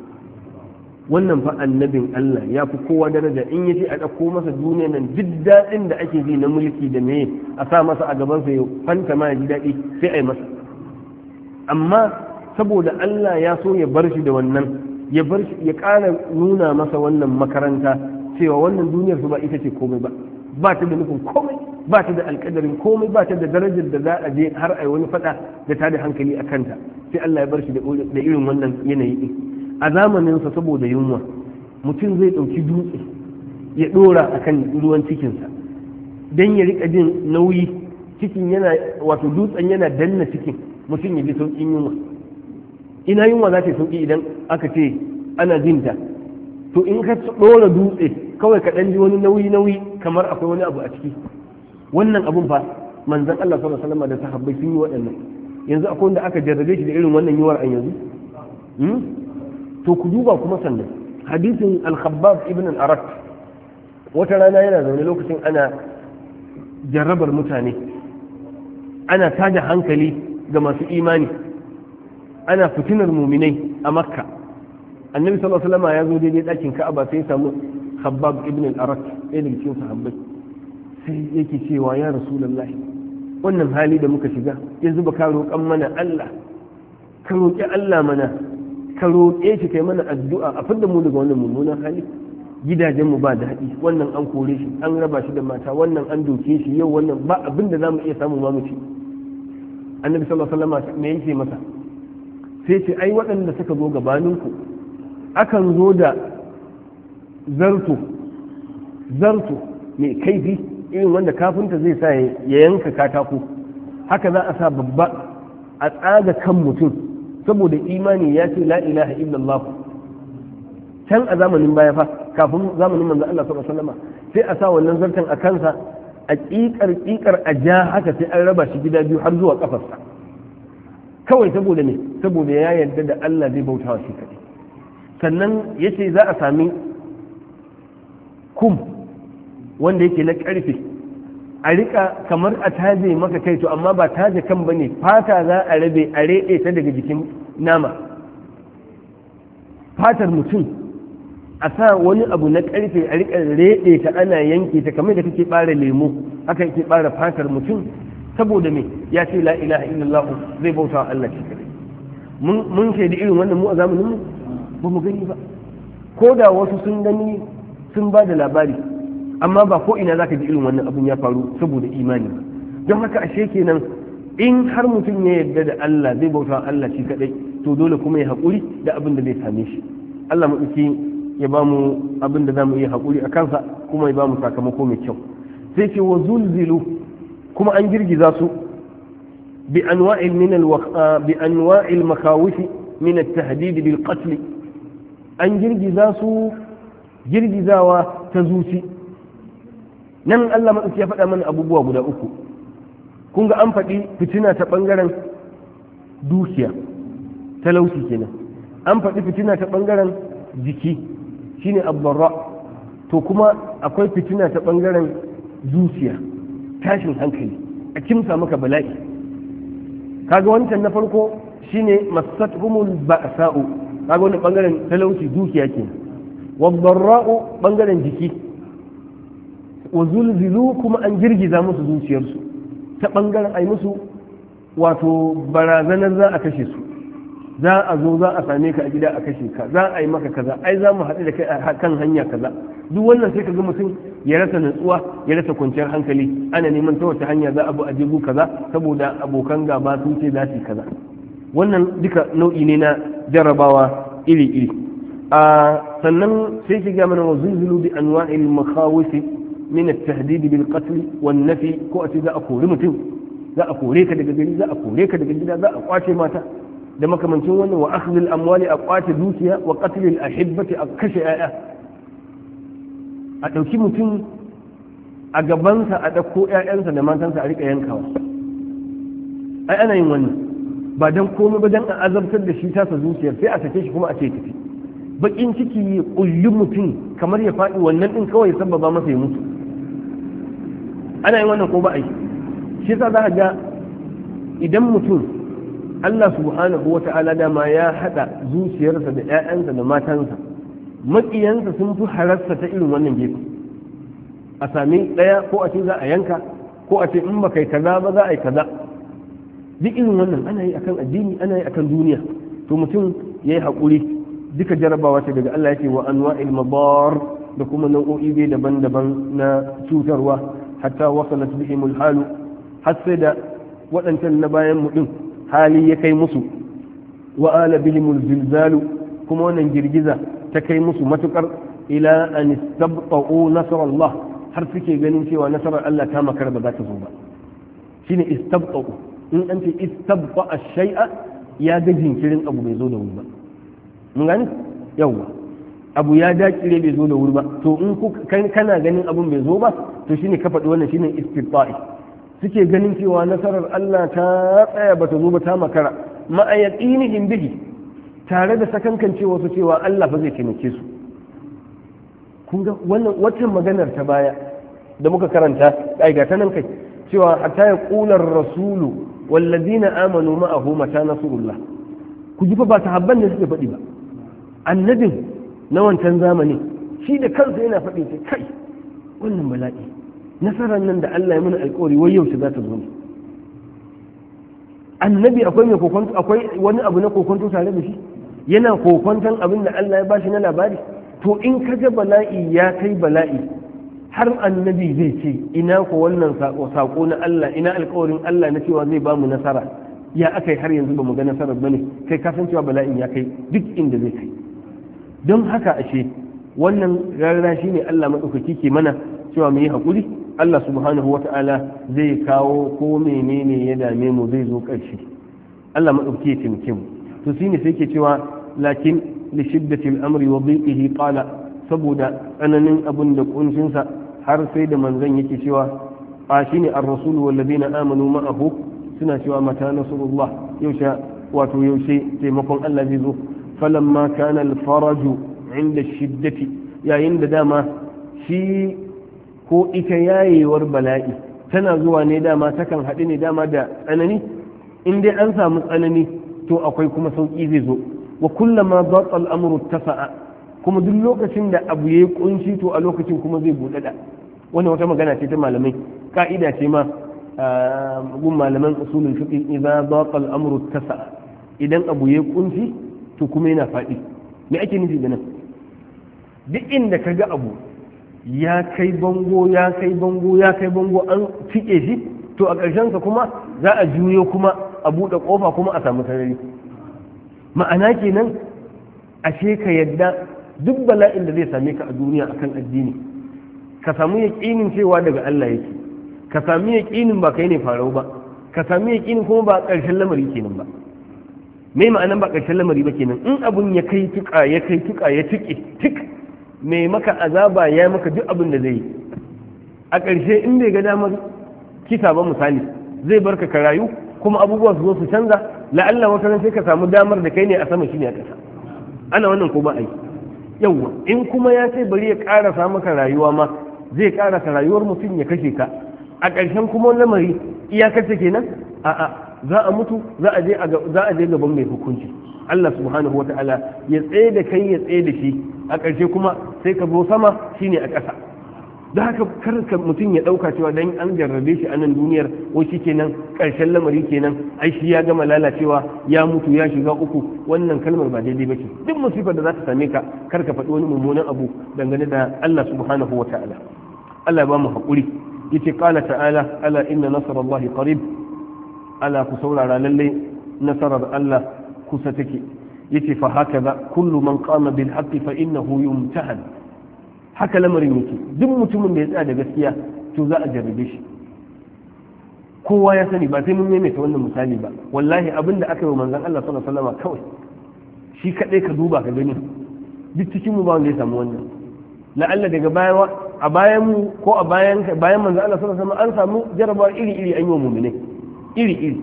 Speaker 1: wannan fa annabin Allah ya fi kowa daraja in ce a ɗauko masa duniya nan duk daɗin da ake ji na mulki da me a sa masa a gabansa ya fanta ma ya ji daɗi sai a masa amma saboda Allah ya so ya bar shi da wannan ya bar ya nuna masa wannan makaranta cewa wannan duniyar su ba ita ce komai ba ba ta da nufin komai ba ta da alƙadarin komai ba ta da darajar da za a je har a yi wani faɗa da ta da hankali a kanta sai Allah ya bar shi da irin wannan yanayi a zamaninsa saboda yunwa mutum zai ɗauki dutse ya ɗora a kan ruwan cikinsa don ya riƙa jin nauyi cikin yana wato dutsen yana danna cikin mutum ya bi sauƙin yunwa ina yunwa za ta sauƙi idan aka ce ana jin ta to in ka ɗora dutse kawai ka ɗan ji wani nauyi nauyi kamar akwai wani abu a ciki wannan abun fa manzon Allah sallallahu alaihi wasallam da sahabbai sun yi waɗannan yanzu akwai wanda aka jarrabe shi da irin wannan yuwar an yanzu hmm? to ku duba kuma sannan hadisin al-khabbab ibn al-arat wata rana yana zaune lokacin ana jarrabar mutane ana taja hankali ga masu imani ana fitinar muminai a makka annabi sallallahu alaihi wasallam ya zo daidai dakin ka'aba sai ya samu khabbab ibn al-arat ɗaya daga cikin sahabbai sai yake cewa ya rasulullahi wannan hali da muka shiga yanzu ba ka roƙan mana Allah ka roƙi Allah mana ka roƙe shi kai mana addu'a a fadda mu daga wannan mummunan hali gidajen mu ba daɗi wannan an kore shi an raba shi da mata wannan an doke shi yau wannan ba abin da zamu iya samu ma mu ci annabi sallallahu alaihi wasallam me yake masa sai ce ai waɗanda suka zo gabaninku akan zo da zarto zarto mai kaifi irin wanda kafinta zai sa ya yanka katako haka za a sa babba a tsaga kan mutum saboda imani ya ce la ilaha illallah can a zamanin baya fa kafin zamanin manzo Allah sallallahu alaihi wasallam sai a sa wannan zartan a kansa a kikar kikar a ja haka sai an raba shi gida biyu har zuwa kafarsa kawai saboda ne saboda ya yarda da Allah zai bautawa shi kadai sannan yace za a sami kum wanda yake na karfe a rika kamar a taje maka kai to amma ba taje kan ba ne fata za a rabe a reɗe ta daga jikin nama fatar mutum a sa wani abu na ƙarfe a rika reɗe ta ana yanke ta kamar da kake ɓara lemu haka yake ɓara fatar mutum saboda me ya ce la ilaha illallah zai bauta wa Allah shi kare mun da irin wannan mu a zamanin ba mu gani ba ko da wasu sun gani sun ba da labari amma ba ko ina zaka ji irin wannan abun ya faru saboda imani don haka ashe kenan in har mutum ya yarda da Allah zai bauta Allah shi kadai to dole kuma ya haƙuri da abin da zai same shi Allah mu ya ba mu abin da zamu yi haƙuri a kansa kuma ya ba mu sakamako mai kyau sai ce wa zulzilu kuma an girgiza su bi anwa'il min al bi anwa'il makawif min at tahdid bil qatl an girgiza su girgizawa ta zuci nan Allah maɗauki ya faɗa mana abubuwa guda uku kun ga an faɗi fitina ta ɓangaren dukiya talauci kenan an faɗi fitina ta ɓangaren jiki shine abbarra to kuma akwai fitina ta ɓangaren zuciya tashin hankali a kimsa maka bala'i kaga wancan na farko shine a ba'sa'u kaga wani ɓangaren talauci dukiya kenan wadarra'u ɓangaren jiki wa zulzilu kuma an girgiza musu zuciyarsu ta bangaren ai musu wato barazanar za a kashe su za a zo za a same ka a gida a kashe ka za a yi maka kaza ai za mu haɗu da kai a kan hanya kaza duk wannan sai ka ga mutum ya rasa natsuwa ya rasa kwanciyar hankali ana neman ta wata hanya za a bi a jigu kaza saboda abokan gaba sun ce za su kaza wannan duka nau'i ne na jarabawa iri iri a ah, sannan sai ki ga mana wa zulzulu bi anwa'il makhawisi min at-tahdid bil qatl wan nafi ko a ce za a kori mutum za a kore ka daga gari za a kore ka daga gida za a kwace mata da makamancin wannan wa akhdh al amwali kwace dukiya wa qatl al a kashe yaya a dauki mutum a gabansa a ɗauko 'ya'yansa a riƙa yankawa ai ana yin wannan ba don komai ba don a azabtar da shi tasa zuciyar sai a sake shi kuma a tafi bakin ciki ya kulli mutum kamar ya faɗi wannan ɗin kawai sababa masa ya mutu ana yin wannan ko ba a yi shi yasa za ga idan mutum Allah subhanahu wa ta'ala dama ya haɗa zuciyarsa da 'ya'yansa da matansa maƙiyansa sun fi hararsa ta irin wannan gefe a sami ɗaya ko a ce za a yanka ko a ce in ba kai kaza ba za a yi kaza duk irin wannan ana yi akan addini ana yi akan duniya to mutum ya yi haƙuri duka jarabawa ce daga Allah ya ce wa anwa'il mabar da kuma nau'o'i daban-daban na cutarwa hatta wasalat bihim alhalu har sai da waɗancan na bayan mu hali ya kai musu wa ala bihim zilzalu kuma wannan girgiza ta kai musu matukar ila an istabqa'u nasarallah har suke ganin cewa nasarar Allah ta makar ba za ta zo ba shine istabqa'u in an ce istabqa shay'a ya ga jinkirin abu bai zo da wuri ba mun gani yawwa abu ya dakire bai zo da wuri ba to in kan kana ganin abun bai zo ba to shine ka faɗi wannan shine istifai suke ganin cewa nasarar Allah ta tsaya bata zo ba ta makara ma'ayatinihim bihi tare da sakankan cewa su cewa Allah fa zai taimake su kun ga wannan wacin maganar ta baya da muka karanta ai ga ta nan kai cewa hatta ya qula rasulu walladina amanu ma'ahu mata nasrullah ku ji fa ba sahabban ne suke faɗi ba annabin na wancan zamani, shi da kansa yana faɗin ta kai wannan bala'i nasarar nan da Allah ya mana alƙawari wai yaushe za ta zo ne annabi akwai mai kokonto akwai wani abu na kokonto tare da shi yana kokonton abin da Allah ya bashi na labari to in ka ga bala'i ya kai bala'i har annabi zai ce ina ko wannan sako na Allah ina alƙawarin Allah na cewa zai ba mu nasara ya akai har yanzu ba mu ga nasarar bane kai ka san cewa bala'in ya kai duk inda zai kai don haka ashe wannan rana shi ne Allah maɗaukaki ke mana cewa mu yi haƙuri Allah subhanahu wa ta'ala zai kawo ko menene ya dame mu zai zo ƙarshe Allah maɗaukaki ya taimake mu to shi ne sai ke cewa lakin li shiddati al-amri wa dhiqihi qala saboda tsananin abin da kunshin sa har sai da manzon yake cewa a shine ar-rasul wal ladina amanu ma'ahu suna cewa mata nasrullah yaushe wato yaushe taimakon Allah zai zo falamma kana alfaraju inda shiddati yayin da dama shi ko ita yayewar bala'i tana zuwa ne dama takan haɗu ne dama da tsanani in dai an samu tsanani to akwai kuma sauƙi zai zo wa kullama dhatsa al'amru tasa'a kuma duk lokacin da abu yayi kunshi to a lokacin kuma zai buɗaɗa wannan wata magana ce ta malamai ka'ida ce ma gun malaman usulul fiqh idza dhatsa al'amru tasa'a idan abu yayi kunshi to kuma yana faɗi me ake nufi da nan duk inda ka ga abu ya kai bango ya kai bango ya kai bango an cike shi to a ƙarshen sa kuma za a juyo kuma a buɗe ƙofa kuma a samu sarari ma'ana kenan ashe ka yadda duk bala'in da zai same ka a duniya akan addini ka samu yaƙinin cewa daga Allah yake ka sami yaƙinin ba kai ne farau ba ka sami yaƙinin kuma ba ƙarshen lamari kenan ba mai ma'anan ba ƙarshen lamari ba kenan in abun ya kai tuƙa ya kai tuƙa ya tuƙe tik mai maka azaba ya maka duk abin da zai yi a ƙarshe in bai ga damar kisa ba misali zai barka ka rayu kuma abubuwa su zo su canza la'alla wata sai ka samu damar da kai ne a sama shine a ƙasa ana wannan ko ba a yi yawwa in kuma ya ce bari ya ƙarasa maka rayuwa ma zai ƙarasa rayuwar mutum ya kashe ka a ƙarshen kuma lamari iyakarta kenan a'a za a mutu za a je gaban mai hukunci Allah subhanahu wata'ala ya tsaye da kai ya tsaye da shi a ƙarshe kuma sai ka zo sama shine a ƙasa da haka kar mutum ya ɗauka cewa dan an jarrabe shi a nan duniyar ko shi kenan ƙarshen lamari kenan ai shi ya gama lalacewa ya mutu ya shiga uku wannan kalmar ba daidai ba ce duk musifar da za ta same ka kar ka faɗi wani mummunan abu dangane da Allah subhanahu wa ta'ala Allah ba mu haƙuri yace qala ta'ala ala inna nasrallahi qarib ala ku saurara lallai nasarar Allah kusa take yace fa haka ba kullu man qama bil haqqi fa innahu yumtahan haka lamarin yake duk mutumin da ya tsaya da gaskiya to za a jarrabe shi kowa ya sani ba sai mun maimaita wannan misali ba wallahi abinda aka yi manzon Allah sallallahu alaihi wasallam kawai shi kadai ka duba ka gani duk cikin mu ba wanda ya samu wannan la'alla daga baya a bayan mu ko a bayan bayan manzon Allah sallallahu alaihi wasallam an samu jarabar iri iri an yi wa mu'mine iri-iri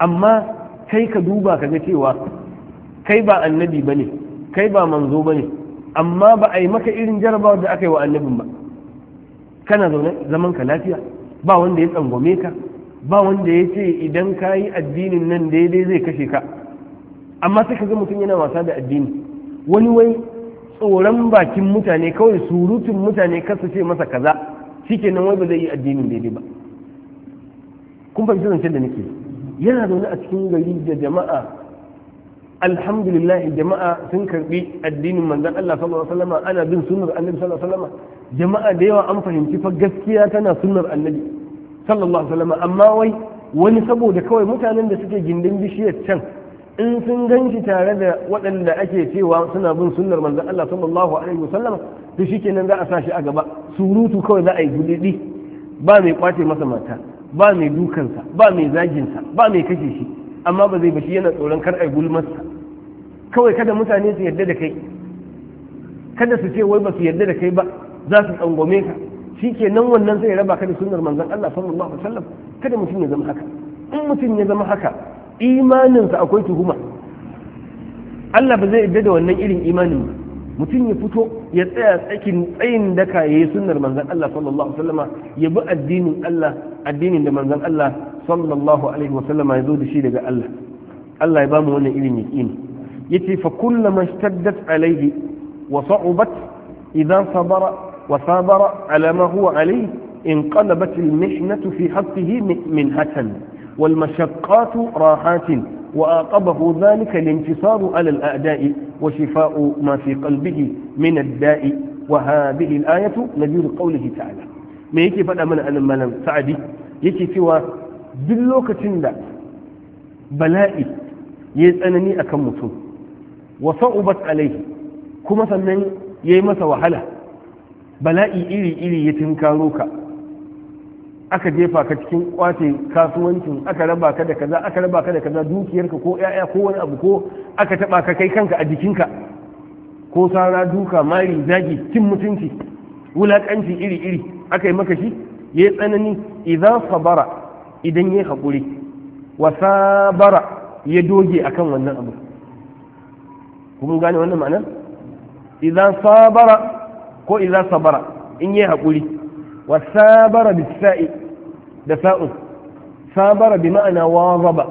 Speaker 1: amma kai ka duba ka ga cewa kai ba annabi ba ne kai ba manzo ba ne amma ba a yi maka irin jarabawar da aka yi wa annabin ba kana zaune zaman ka lafiya ba wanda ya tsangwame ka ba wanda ya ce idan ka yi addinin nan daidai zai kashe ka amma sai ka ga mutum yana wasa da addini wani wai tsoron bakin mutane kawai surutun mutane kasa ce masa kaza shikenan wai ba zai yi addinin daidai ba kun fahimci zancen da nake yana zaune a cikin gari da jama'a alhamdulillah jama'a sun karbi addinin manzon Allah sallallahu alaihi wasallam ana bin sunnar annabi sallallahu alaihi wasallam jama'a da yawa an fahimci fa gaskiya tana sunnar annabi sallallahu alaihi wasallam amma wai wani saboda kawai mutanen da suke gindin bishiyar can in sun ganshi tare da waɗanda ake cewa suna bin sunnar manzon Allah sallallahu alaihi wasallam to shikenan za a sa shi a gaba surutu kawai za a yi gudidi ba mai kwace masa mata ba mai dukansa ba mai zaginsa ba mai kashe shi amma ba zai bashi yana tsoron kar gulmarsa kawai kada mutane su yarda da kai kada su ce wai ba su yarda da kai ba za su tsangwame ka shi ke nan wannan sai raba ka da sunnar manzan Allah sallallahu alaihi wasallam kada mutum ya zama haka in mutum ya zama haka imaninsa akwai tuhuma Allah ba zai yarda da wannan irin imanin ba mutum ya fito ya tsaya tsakin tsayin daka ya yi sunnar manzan Allah sallallahu alaihi wasallama ya bi addinin Allah addinin da manzan Allah sallallahu alaihi wasallama ya zo da shi daga Allah Allah ya ba mu wannan irin yaqini yace fa kullama shaddat alaihi wa sa'ubat idan sabara wa sabara ala ma huwa alaihi in qalabat al-mihnatu fi haqqihi min hatan wal mashaqqatu rahatin وآقبه ذلك الانتصار على الأعداء وشفاء ما في قلبه من الداء وهذه الآية نذير قوله تعالى ما يكي فدا من أنا ملم سعدي يكي سوى دلوك تندع بلائي يسألني أكمته وصعبت عليه كما سنن يمس وحله بلائي إلي إلي يتنكاروك aka jefa ka cikin kwace kasuwancin aka raba ka da kaza aka raba ka da kaza dukiyarka ko yaya ko wani abu ko aka taba ka kai kanka a jikinka ko sara duka mari zagi cin mutunci wulakanci iri iri aka yi maka shi yayi tsanani idan sabara idan yayi hakuri wa sabara ya doge akan wannan abu kun gane wannan ma'ana idan sabara ko idan sabara in yayi hakuri wa sabara bisa'i da sa'un sabara bi ma'ana wazaba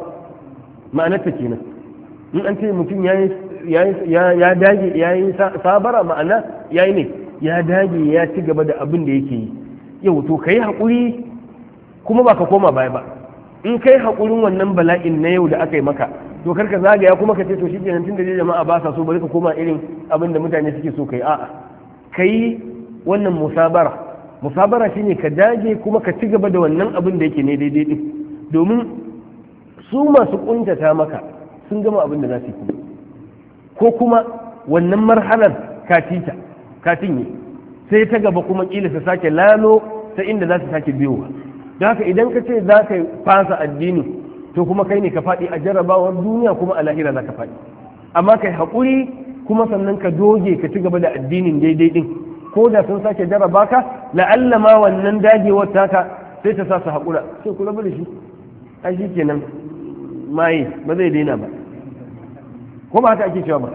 Speaker 1: ma'anarta kenan in an ce mutum ya dage ya sabara ma'ana ya yi ne ya dage ya ci gaba da abin da yake yi yau to ka yi haƙuri kuma ba ka koma baya ba in kai haƙurin wannan bala'in na yau da aka yi maka to karka zagaya kuma ka ce to shi kenan tun da jama'a ba sa so bari ka koma irin abin da mutane suke so kai a'a kai wannan musabara musabara ne ka dage kuma ka ci gaba da wannan abin da yake ne daidai din domin su masu kuntata maka sun gama abin da za su yi ko kuma wannan marhalar ka tita ka sai ta gaba kuma kila su sake lalo ta inda za su sake biyowa don haka idan ka ce za ka fasa addini to kuma kai ne ka faɗi a jarrabawar duniya kuma a lahira za ka faɗi amma kai haƙuri kuma sannan ka doge ka ci gaba da addinin daidai din ko da sun sake jarraba ka la'alla ma wannan dagewar taka sai ta sa su haƙura sai kula rabu shi a shi nan maye ba zai daina ba ko ba haka ake cewa ba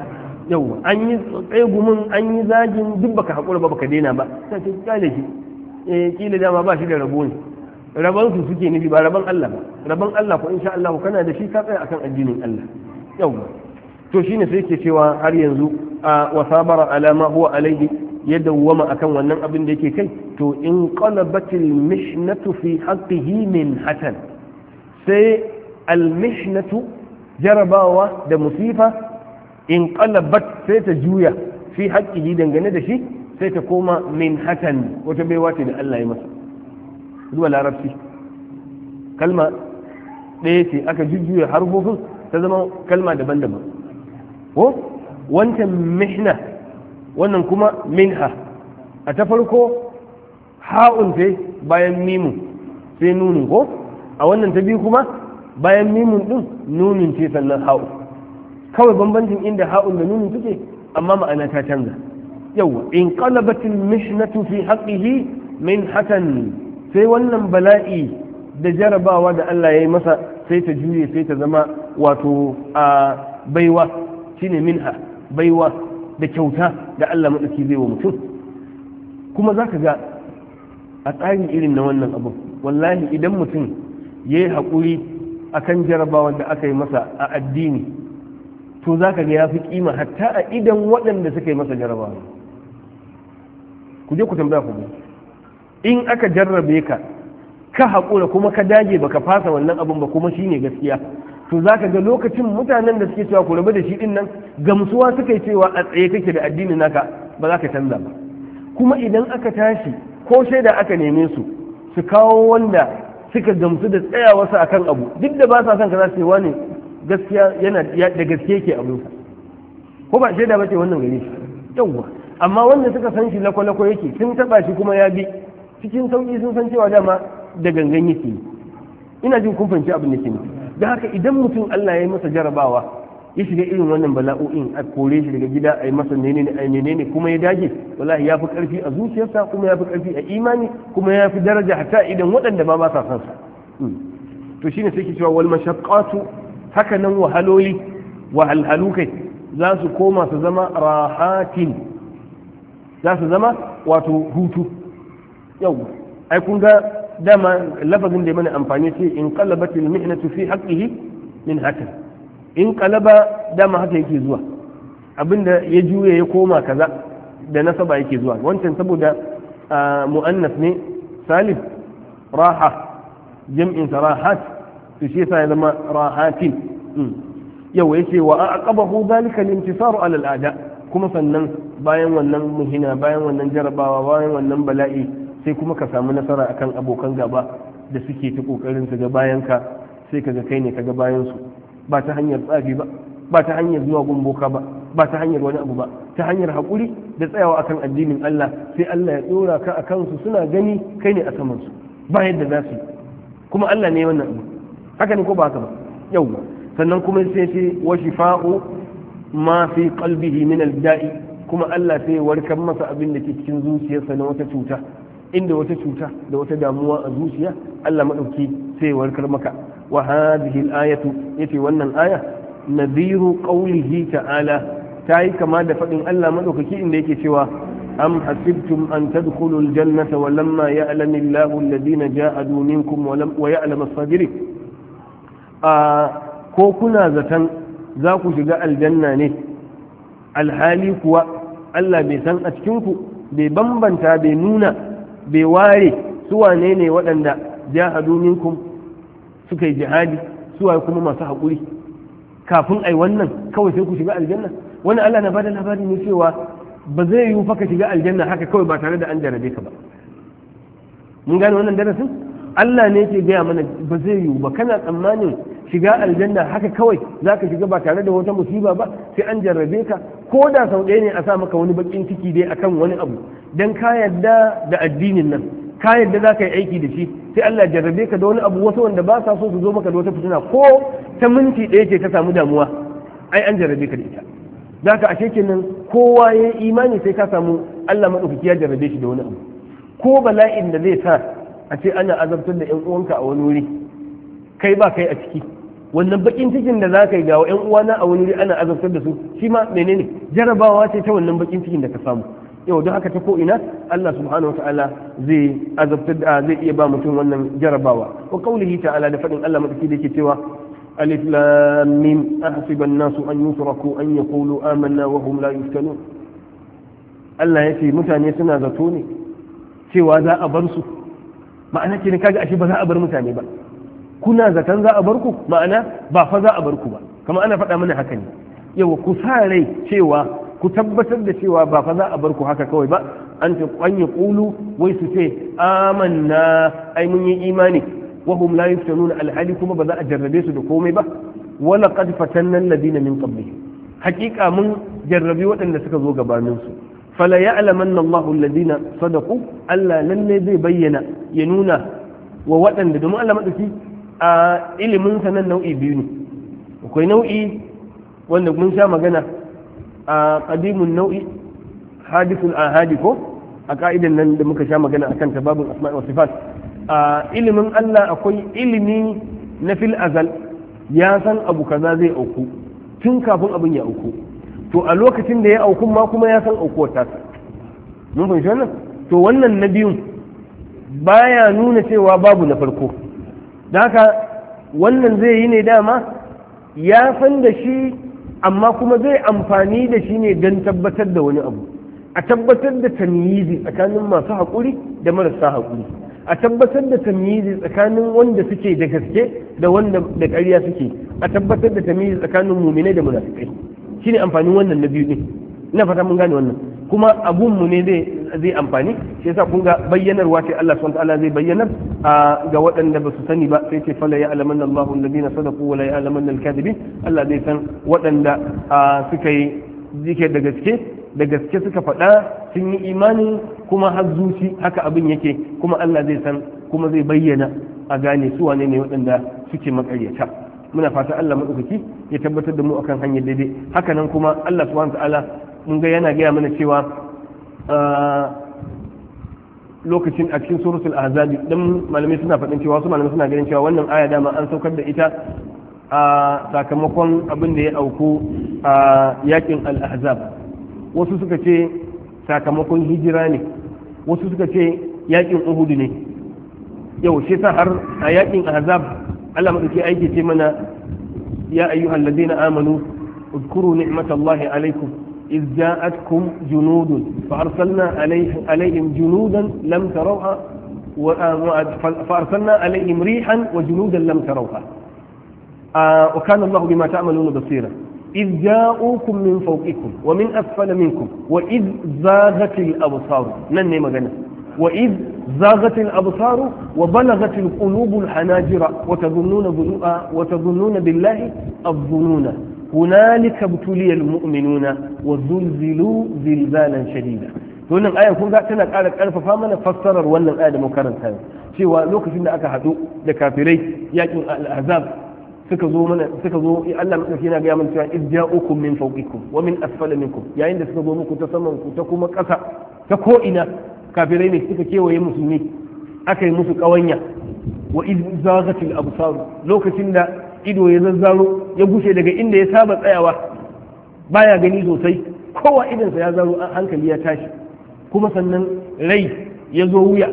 Speaker 1: yau an yi tsegumin an yi zagin duk baka haƙura ba baka daina ba sai ta kyale shi eh kila dama ba shi da rabo ne rabon su suke nufi ba rabon Allah ba rabon Allah ko insha Allah kana da shi ka tsaya akan addinin Allah yau to shine sai ke cewa har yanzu wa sabara ala ma huwa alaihi ya dawwama akan wannan abin da yake kai to in qalabatil mishnatu fi haqqihi min hatan sai al mishnatu jarabawa da musifa in qalabat sai ta juya fi haqqihi dangane da shi sai ta koma min hatan wata baiwa ce da Allah ya masa zuwa larabci kalma ɗaya ce aka jujjuya harfofin ta zama kalma daban-daban ko wancan mihna wannan kuma minha a ta farko ha'un ce bayan mimu sai nunin ko a wannan ta biyu kuma bayan mimun din nunin ce sannan ha'u kawai bambancin inda ha'un da nunin suke amma ma'ana ta canza yawa in qalabatil mishnatu fi haqqihi min hatan sai wannan bala'i da jarabawa da Allah ya yi masa sai ta juye sai ta zama wato a baiwa shine minha baiwa da kyauta da Allah maɗauki zai wa mutum kuma za ka ga a tsarin irin na wannan abu wallahi idan mutum ya yi haƙuri a kan jarabawan da aka yi masa a addini to za ka ga ya fi kima, hatta a idan waɗanda suka yi masa jarabawa ku je ku tambaya ku in aka jarrabe ka ka haƙura kuma ka dage baka fasa wannan abun ba kuma shi ne gaskiya to za ka ga lokacin mutanen da suke cewa ku rabu da shi din nan gamsuwa suka yi cewa a tsaye kake da addini naka ba za ka canza ba kuma idan aka tashi ko shaida aka neme su su kawo wanda suka gamsu da tsayawasu akan abu duk da ba sa son ka za su yi wani gaskiya yana da gaske yake abinsa ko ba shaida ba ce wannan gare shi yawwa amma wanda suka san shi lako-lako yake sun taba shi kuma ya bi cikin sauki sun san cewa dama da gangan yake ina jin kun fahimci abin da ke nufi da haka idan mutum Allah ya yi masa jarabawa ya shiga irin wannan bala'o'in a kore shi daga gida a yi masa menene a menene kuma ya dage wallahi ya fi karfi a zuciyarsa kuma ya fi karfi a imani kuma ya fi daraja hatta idan waɗanda ba ba sa san sa hmm. to shine sai ke cewa wal mashaqqatu haka nan wahaloli wahalhalu kai za su koma su zama rahatin za su zama wato hutu yau ai kun ga dama lafazin da mana amfani sai in qalaba til mihnatu fi haqqihi min hakan in qalaba dama haka yake zuwa abinda ya juye ya koma kaza da nasaba yake zuwa wancan saboda mu'annas ne salif raha jam'in rahat to shi yasa ya zama rahatin hmm. ya ce wa aqabahu dhalika al-intisaru ala al-a'da kuma sannan bayan wannan muhina bayan wannan jarabawa bayan wannan bala'i sai kuma ka samu nasara akan abokan gaba da suke ta kokarin su ga bayan ka sai ka ga kai ne ka ga bayan su ba ta hanyar tsafi ba ba ta hanyar zuwa gumboka ba ba ta hanyar wani abu ba ta hanyar haƙuri da tsayawa akan addinin Allah sai Allah ya tsora ka akan su suna gani kai ne a saman su ba yadda za su yi kuma Allah ne wannan abu haka ne ko ba haka ba Yau. sannan kuma sai ce wa shifa'u ma fi qalbihi min al-da'i kuma Allah sai warkar masa abin da ke cikin zuciyarsa na wata cuta inda wata cuta da wata damuwa a zuciya Allah madauki sai warkar maka wa hadhihi al-ayatu yace wannan aya nadhiru qawlihi ta'ala tayi kama da fadin Allah madaukaki inda yake cewa am hasibtum an tadkhulu al-jannata wa lamma ya'lam Allahu alladhina jahadu minkum wa lam wa as a ko kuna zatan za ku shiga aljanna ne alhali kuwa Allah bai san a cikin ku bai bambanta bai nuna bai ware su wane ne waɗanda jahadu minkum suka yi jihadi suwa kuma masu haƙuri kafin ai wannan kawai sai ku shiga aljanna wani Allah na bada labari ne cewa ba zai yiwu fa shiga aljanna haka kawai ba tare da an jarabe ka ba mun gane wannan darasin Allah ne yake gaya mana ba zai yiwu ba kana tsammanin shiga aljanna haka kawai za ka shiga ba tare da wata musiba ba sai an jarrabe ka ko da sau ɗaya ne a sa maka wani bakin ciki dai akan wani abu dan ka yadda da addinin nan ka yarda za ka yi aiki da shi sai Allah jarrabe ka da wani abu wasu wanda ba sa so su zo maka da wata fitina ko ta minti ɗaya ce ka samu damuwa ai an jarrabe ka da ita za ka ashe kenan kowa ya yi imani sai ka samu Allah maɗaukaki ya jarrabe shi da wani abu ko bala'in da zai sa a ce ana azabtar da 'yan uwanka a wani wuri kai ba kai a ciki wannan bakin cikin da zaka yi ga ƴan uwana a wani ana azabtar da su shi ma menene jarabawa ce ta wannan bakin cikin da ka samu yau don haka ta ko ina Allah subhanahu wataala zai azabtar da zai iya ba mutum wannan jarabawa wa qaulihi ta'ala da fadin Allah madaki da yake cewa alif lam mim ahsiba an-nasu an yusraku an yaqulu amanna wa hum la yuftanun Allah yace mutane suna zato ne cewa za a bar su ma'ana kenan kaga ashe ba za a bar mutane ba kuna zaton za a bar ku ma'ana ba fa za a bar ku ba Kama ana faɗa mana haka ne yawa ku sa rai cewa ku tabbatar da cewa ba fa za a bar ku haka kawai ba an ta kwanye kulu wai su ce amanna ai mun yi imani wa hum la yuftanuna alhali kuma ba za a jarrabe su da komai ba wala qad fatanna alladina min qablihim haqiqa mun jarrabi waɗanda suka zo gabanin su fala ya'lamanna Allahu alladina sadaqu alla lalle zai bayyana ya nuna wa waɗanda domin Allah madaki a ilimin nan nau'i biyu ne akwai nau'i wanda mun sha magana a qadimun nau'i hadithun ahadi ko a ka'idan nan da muka sha magana akan tababun asma'i wa sifat a ilimin Allah akwai ilimi na fil azal ya san abu kaza zai auku tun kafin abin ya auku to a lokacin da ya auku ma kuma ya san aukuwar tasa mun fahimci wannan to wannan na biyun baya nuna cewa babu na farko da haka wannan zai yi ne dama ya san da shi amma kuma zai amfani da shi ne don tabbatar da wani abu a tabbatar da tamyizi tsakanin masu haƙuri da marasa haƙuri a tabbatar da tamyizi tsakanin wanda suke da gaske da wanda da ƙarya suke a tabbatar da tamyizi tsakanin muminai da shi ne amfanin wannan na biyu ne ina fata mun gane wannan kuma abun mu ne zai zai amfani shi yasa kun ga bayyanarwa ce Allah subhanahu ta'ala zai bayyanar ga waɗanda ba su sani ba sai ce fala ya alamanna Allahu alladhina sadaqu wa la ya alamanna al-kadhibin Allah zai san waɗanda suka yi zike da gaske da gaske suka faɗa sun yi imani kuma har zuci haka abin yake kuma Allah zai san kuma zai bayyana a gane su wane ne waɗanda suke makaryata muna fata Allah madaukaki ya tabbatar da mu akan hanyar daidai hakanan kuma Allah subhanahu ta'ala mun ga yana gaya mana cewa lokacin a cikin surutul azabi dan malamai suna faɗin cewa su malamai suna ganin cewa wannan aya dama an saukar da ita a sakamakon abin da ya auku a yakin al-ahzab wasu suka ce sakamakon hijira ne wasu suka ce yakin uhud ne yau shi sa har a yakin ahzab Allah madauki aiki ce mana ya ayyuhal ladina amanu اذكروا ni'matallahi alaikum إذ جاءتكم جنود فأرسلنا عليه عليهم جنودا لم تروها آه، فأرسلنا عليهم ريحا وجنودا لم تروها آه، وكان الله بما تعملون بصيرا إذ جاءوكم من فوقكم ومن أسفل منكم وإذ زاغت الأبصار نن مغنى وإذ زاغت الأبصار وبلغت القلوب الحناجر وتظنون, وتظنون بالله الظنون هنالك ابتلي المؤمنون وزلزلوا زلزالا شديدا wannan ayan kun ga tana ƙara ƙarfafa mana fassarar wannan aya da makaranta ne cewa lokacin da aka haɗu da kafirai yakin al'azab suka zo mana suka zo Allah madauki yana ga mana cewa idja'ukum min fawqikum wa min asfala minkum yayin da suka zo muku ta saman ku ta kuma ƙasa ta ko ina kafirai ne suka kewaye musulmi aka yi musu ƙawanya wa iz zaghatil absar lokacin da ido ya zazzaro ya gushe daga inda ya saba tsayawa baya gani sosai kowa idansa ya zaro hankali ya tashi kuma sannan rai ya zo wuya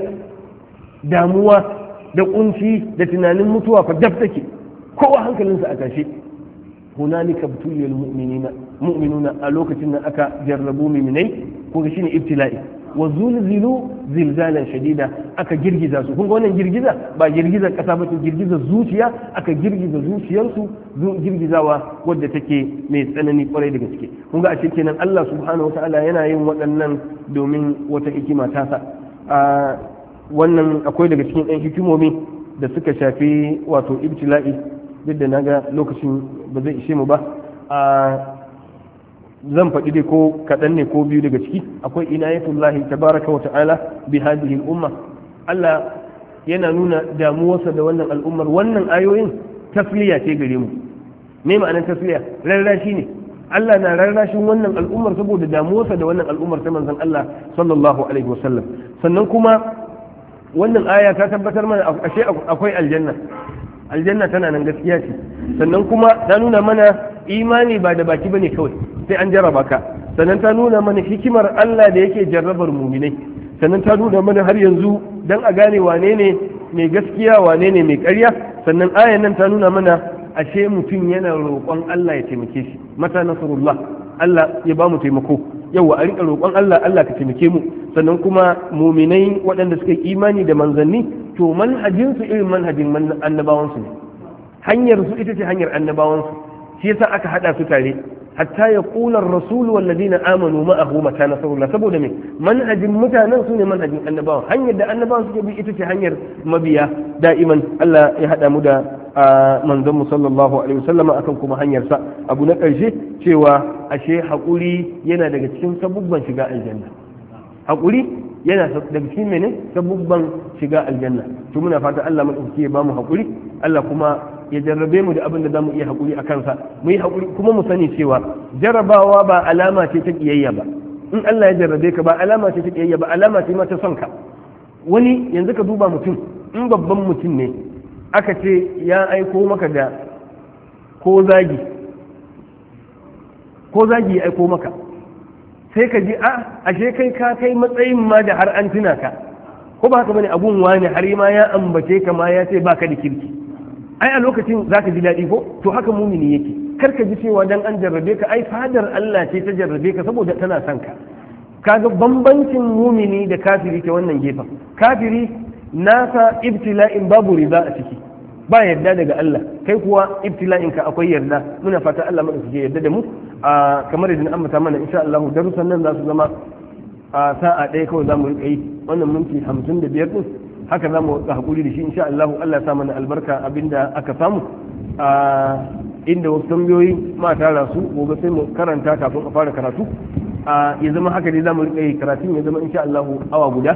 Speaker 1: damuwa da kunci da tunanin mutuwa fa dab take kowa hankalinsa a tashi hunalika butuliyal mu'minina mu'minuna a lokacin da aka jarrabu mu'minai ko shine ibtila'i wa zulzilu zilzalan shadida aka girgiza su kun wannan girgiza ba girgiza kasa ba girgiza zuciya aka girgiza zuciyarsu girgizawa wadda take mai tsanani kwarai da gaske kun ga a kenan Allah subhanahu wataala yana yin waɗannan domin wata hikima ta sa wannan akwai daga cikin ɗan hikimomi da suka shafi wato ibtila'i duk da naga lokacin ba zai ishe mu ba zan faɗi dai ko kaɗan ne ko biyu daga ciki akwai inayatullahi tabaraka wa ta'ala bi hadhihi al-umma Allah yana nuna damuwarsa da wannan al'ummar wannan ayoyin tasliya ce gare mu me ma'anar tasliya rarrashi ne Allah na rarrashin wannan al'ummar saboda damuwarsa da wannan al'ummar ta manzon Allah sallallahu alaihi wasallam sannan kuma wannan aya ta tabbatar mana ashe akwai aljanna aljanna tana nan gaskiya ce sannan kuma ta nuna mana imani ba da baki bane kawai sai an jarraba ka sannan ta nuna mana hikimar Allah da yake jarrabar muminai sannan ta nuna mana har yanzu dan a gane wane ne mai gaskiya wane ne mai ƙarya sannan ayan nan ta nuna mana ashe mutum yana roƙon Allah ya taimake shi mata nasrullah Allah ya ba mu taimako yawa a rinka roƙon Allah Allah ka taimake mu sannan kuma muminai waɗanda suka yi imani da manzanni to manhajin su irin manhajin annabawan su ne hanyar su ita ce hanyar annabawansu. su shi yasa aka hada su tare hatta ya kula rasul walladina amanu ma'ahu mata nasarullah saboda me manhajin mutanen su ne manhajin annabawa. hanyar da annabawan ke bi ita ce hanyar mabiya da'iman Allah ya hada mu da manzon mu sallallahu alaihi wasallama akan kuma hanyar sa abu na karshe cewa ashe hakuri yana daga cikin sabubban shiga aljanna hakuri yana daga cikin mene sabubban shiga aljanna to muna fata Allah madauki ya bamu hakuri Allah kuma ya jarrabe mu da abin da zamu iya hakuri akan sa mu yi hakuri kuma mu sani cewa jarrabawa ba alama ce ta kiyayya ba in Allah ya jarrabe ka ba alama ce ta kiyayya ba alama ce ma ta son ka wani yanzu ka duba mutum in babban mutum ne aka ce ya aiko maka da ko zagi ko zagi ya aiko maka sai ka ji a ashe kai ka kai matsayin ma da har an tuna ka ko ba haka bane abun wani har ma ya ambace ka ma ya ce baka da kirki ai a lokacin zaka ji daɗi ko to haka mumini yake kar ka ji cewa dan an jarrabe ka ai fadar Allah ce ta jarrabe ka saboda tana son ka kaga bambancin mumini da kafiri ke wannan gefen kafiri nasa ibtila'in babu riba a ciki ba yarda daga Allah kai kuwa ibtila'in ka akwai yarda muna fata Allah mana suke yarda da mu a kamar yadda an mata mana insha Allah darussan nan za su zama a sa'a ɗaya kawai za mu riƙa yi wannan minti hamsin da biyar ɗin haka za mu hakuri da shi insha Allah Allah ya sa mana albarka abinda aka samu inda wasu tambayoyi ma tara su gobe sai mu karanta kafin a fara karatu ya zama haka dai zamu rika yi karatun ya zama insha Allah awa guda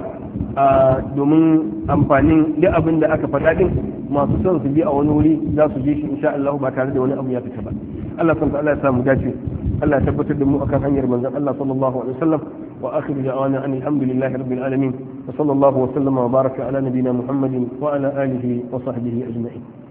Speaker 1: domin amfanin duk abin da aka faɗa din masu son su bi a wani wuri za su je shi insha Allah ba tare da wani abu ya fita ba Allah san Allah ya samu dace Allah ya tabbatar da mu akan hanyar manzon Allah sallallahu alaihi wasallam wa akhiru da'wana an alhamdulillahi rabbil alamin wa sallallahu wa sallama wa baraka ala nabiyyina muhammadin wa ala alihi wa sahbihi ajma'in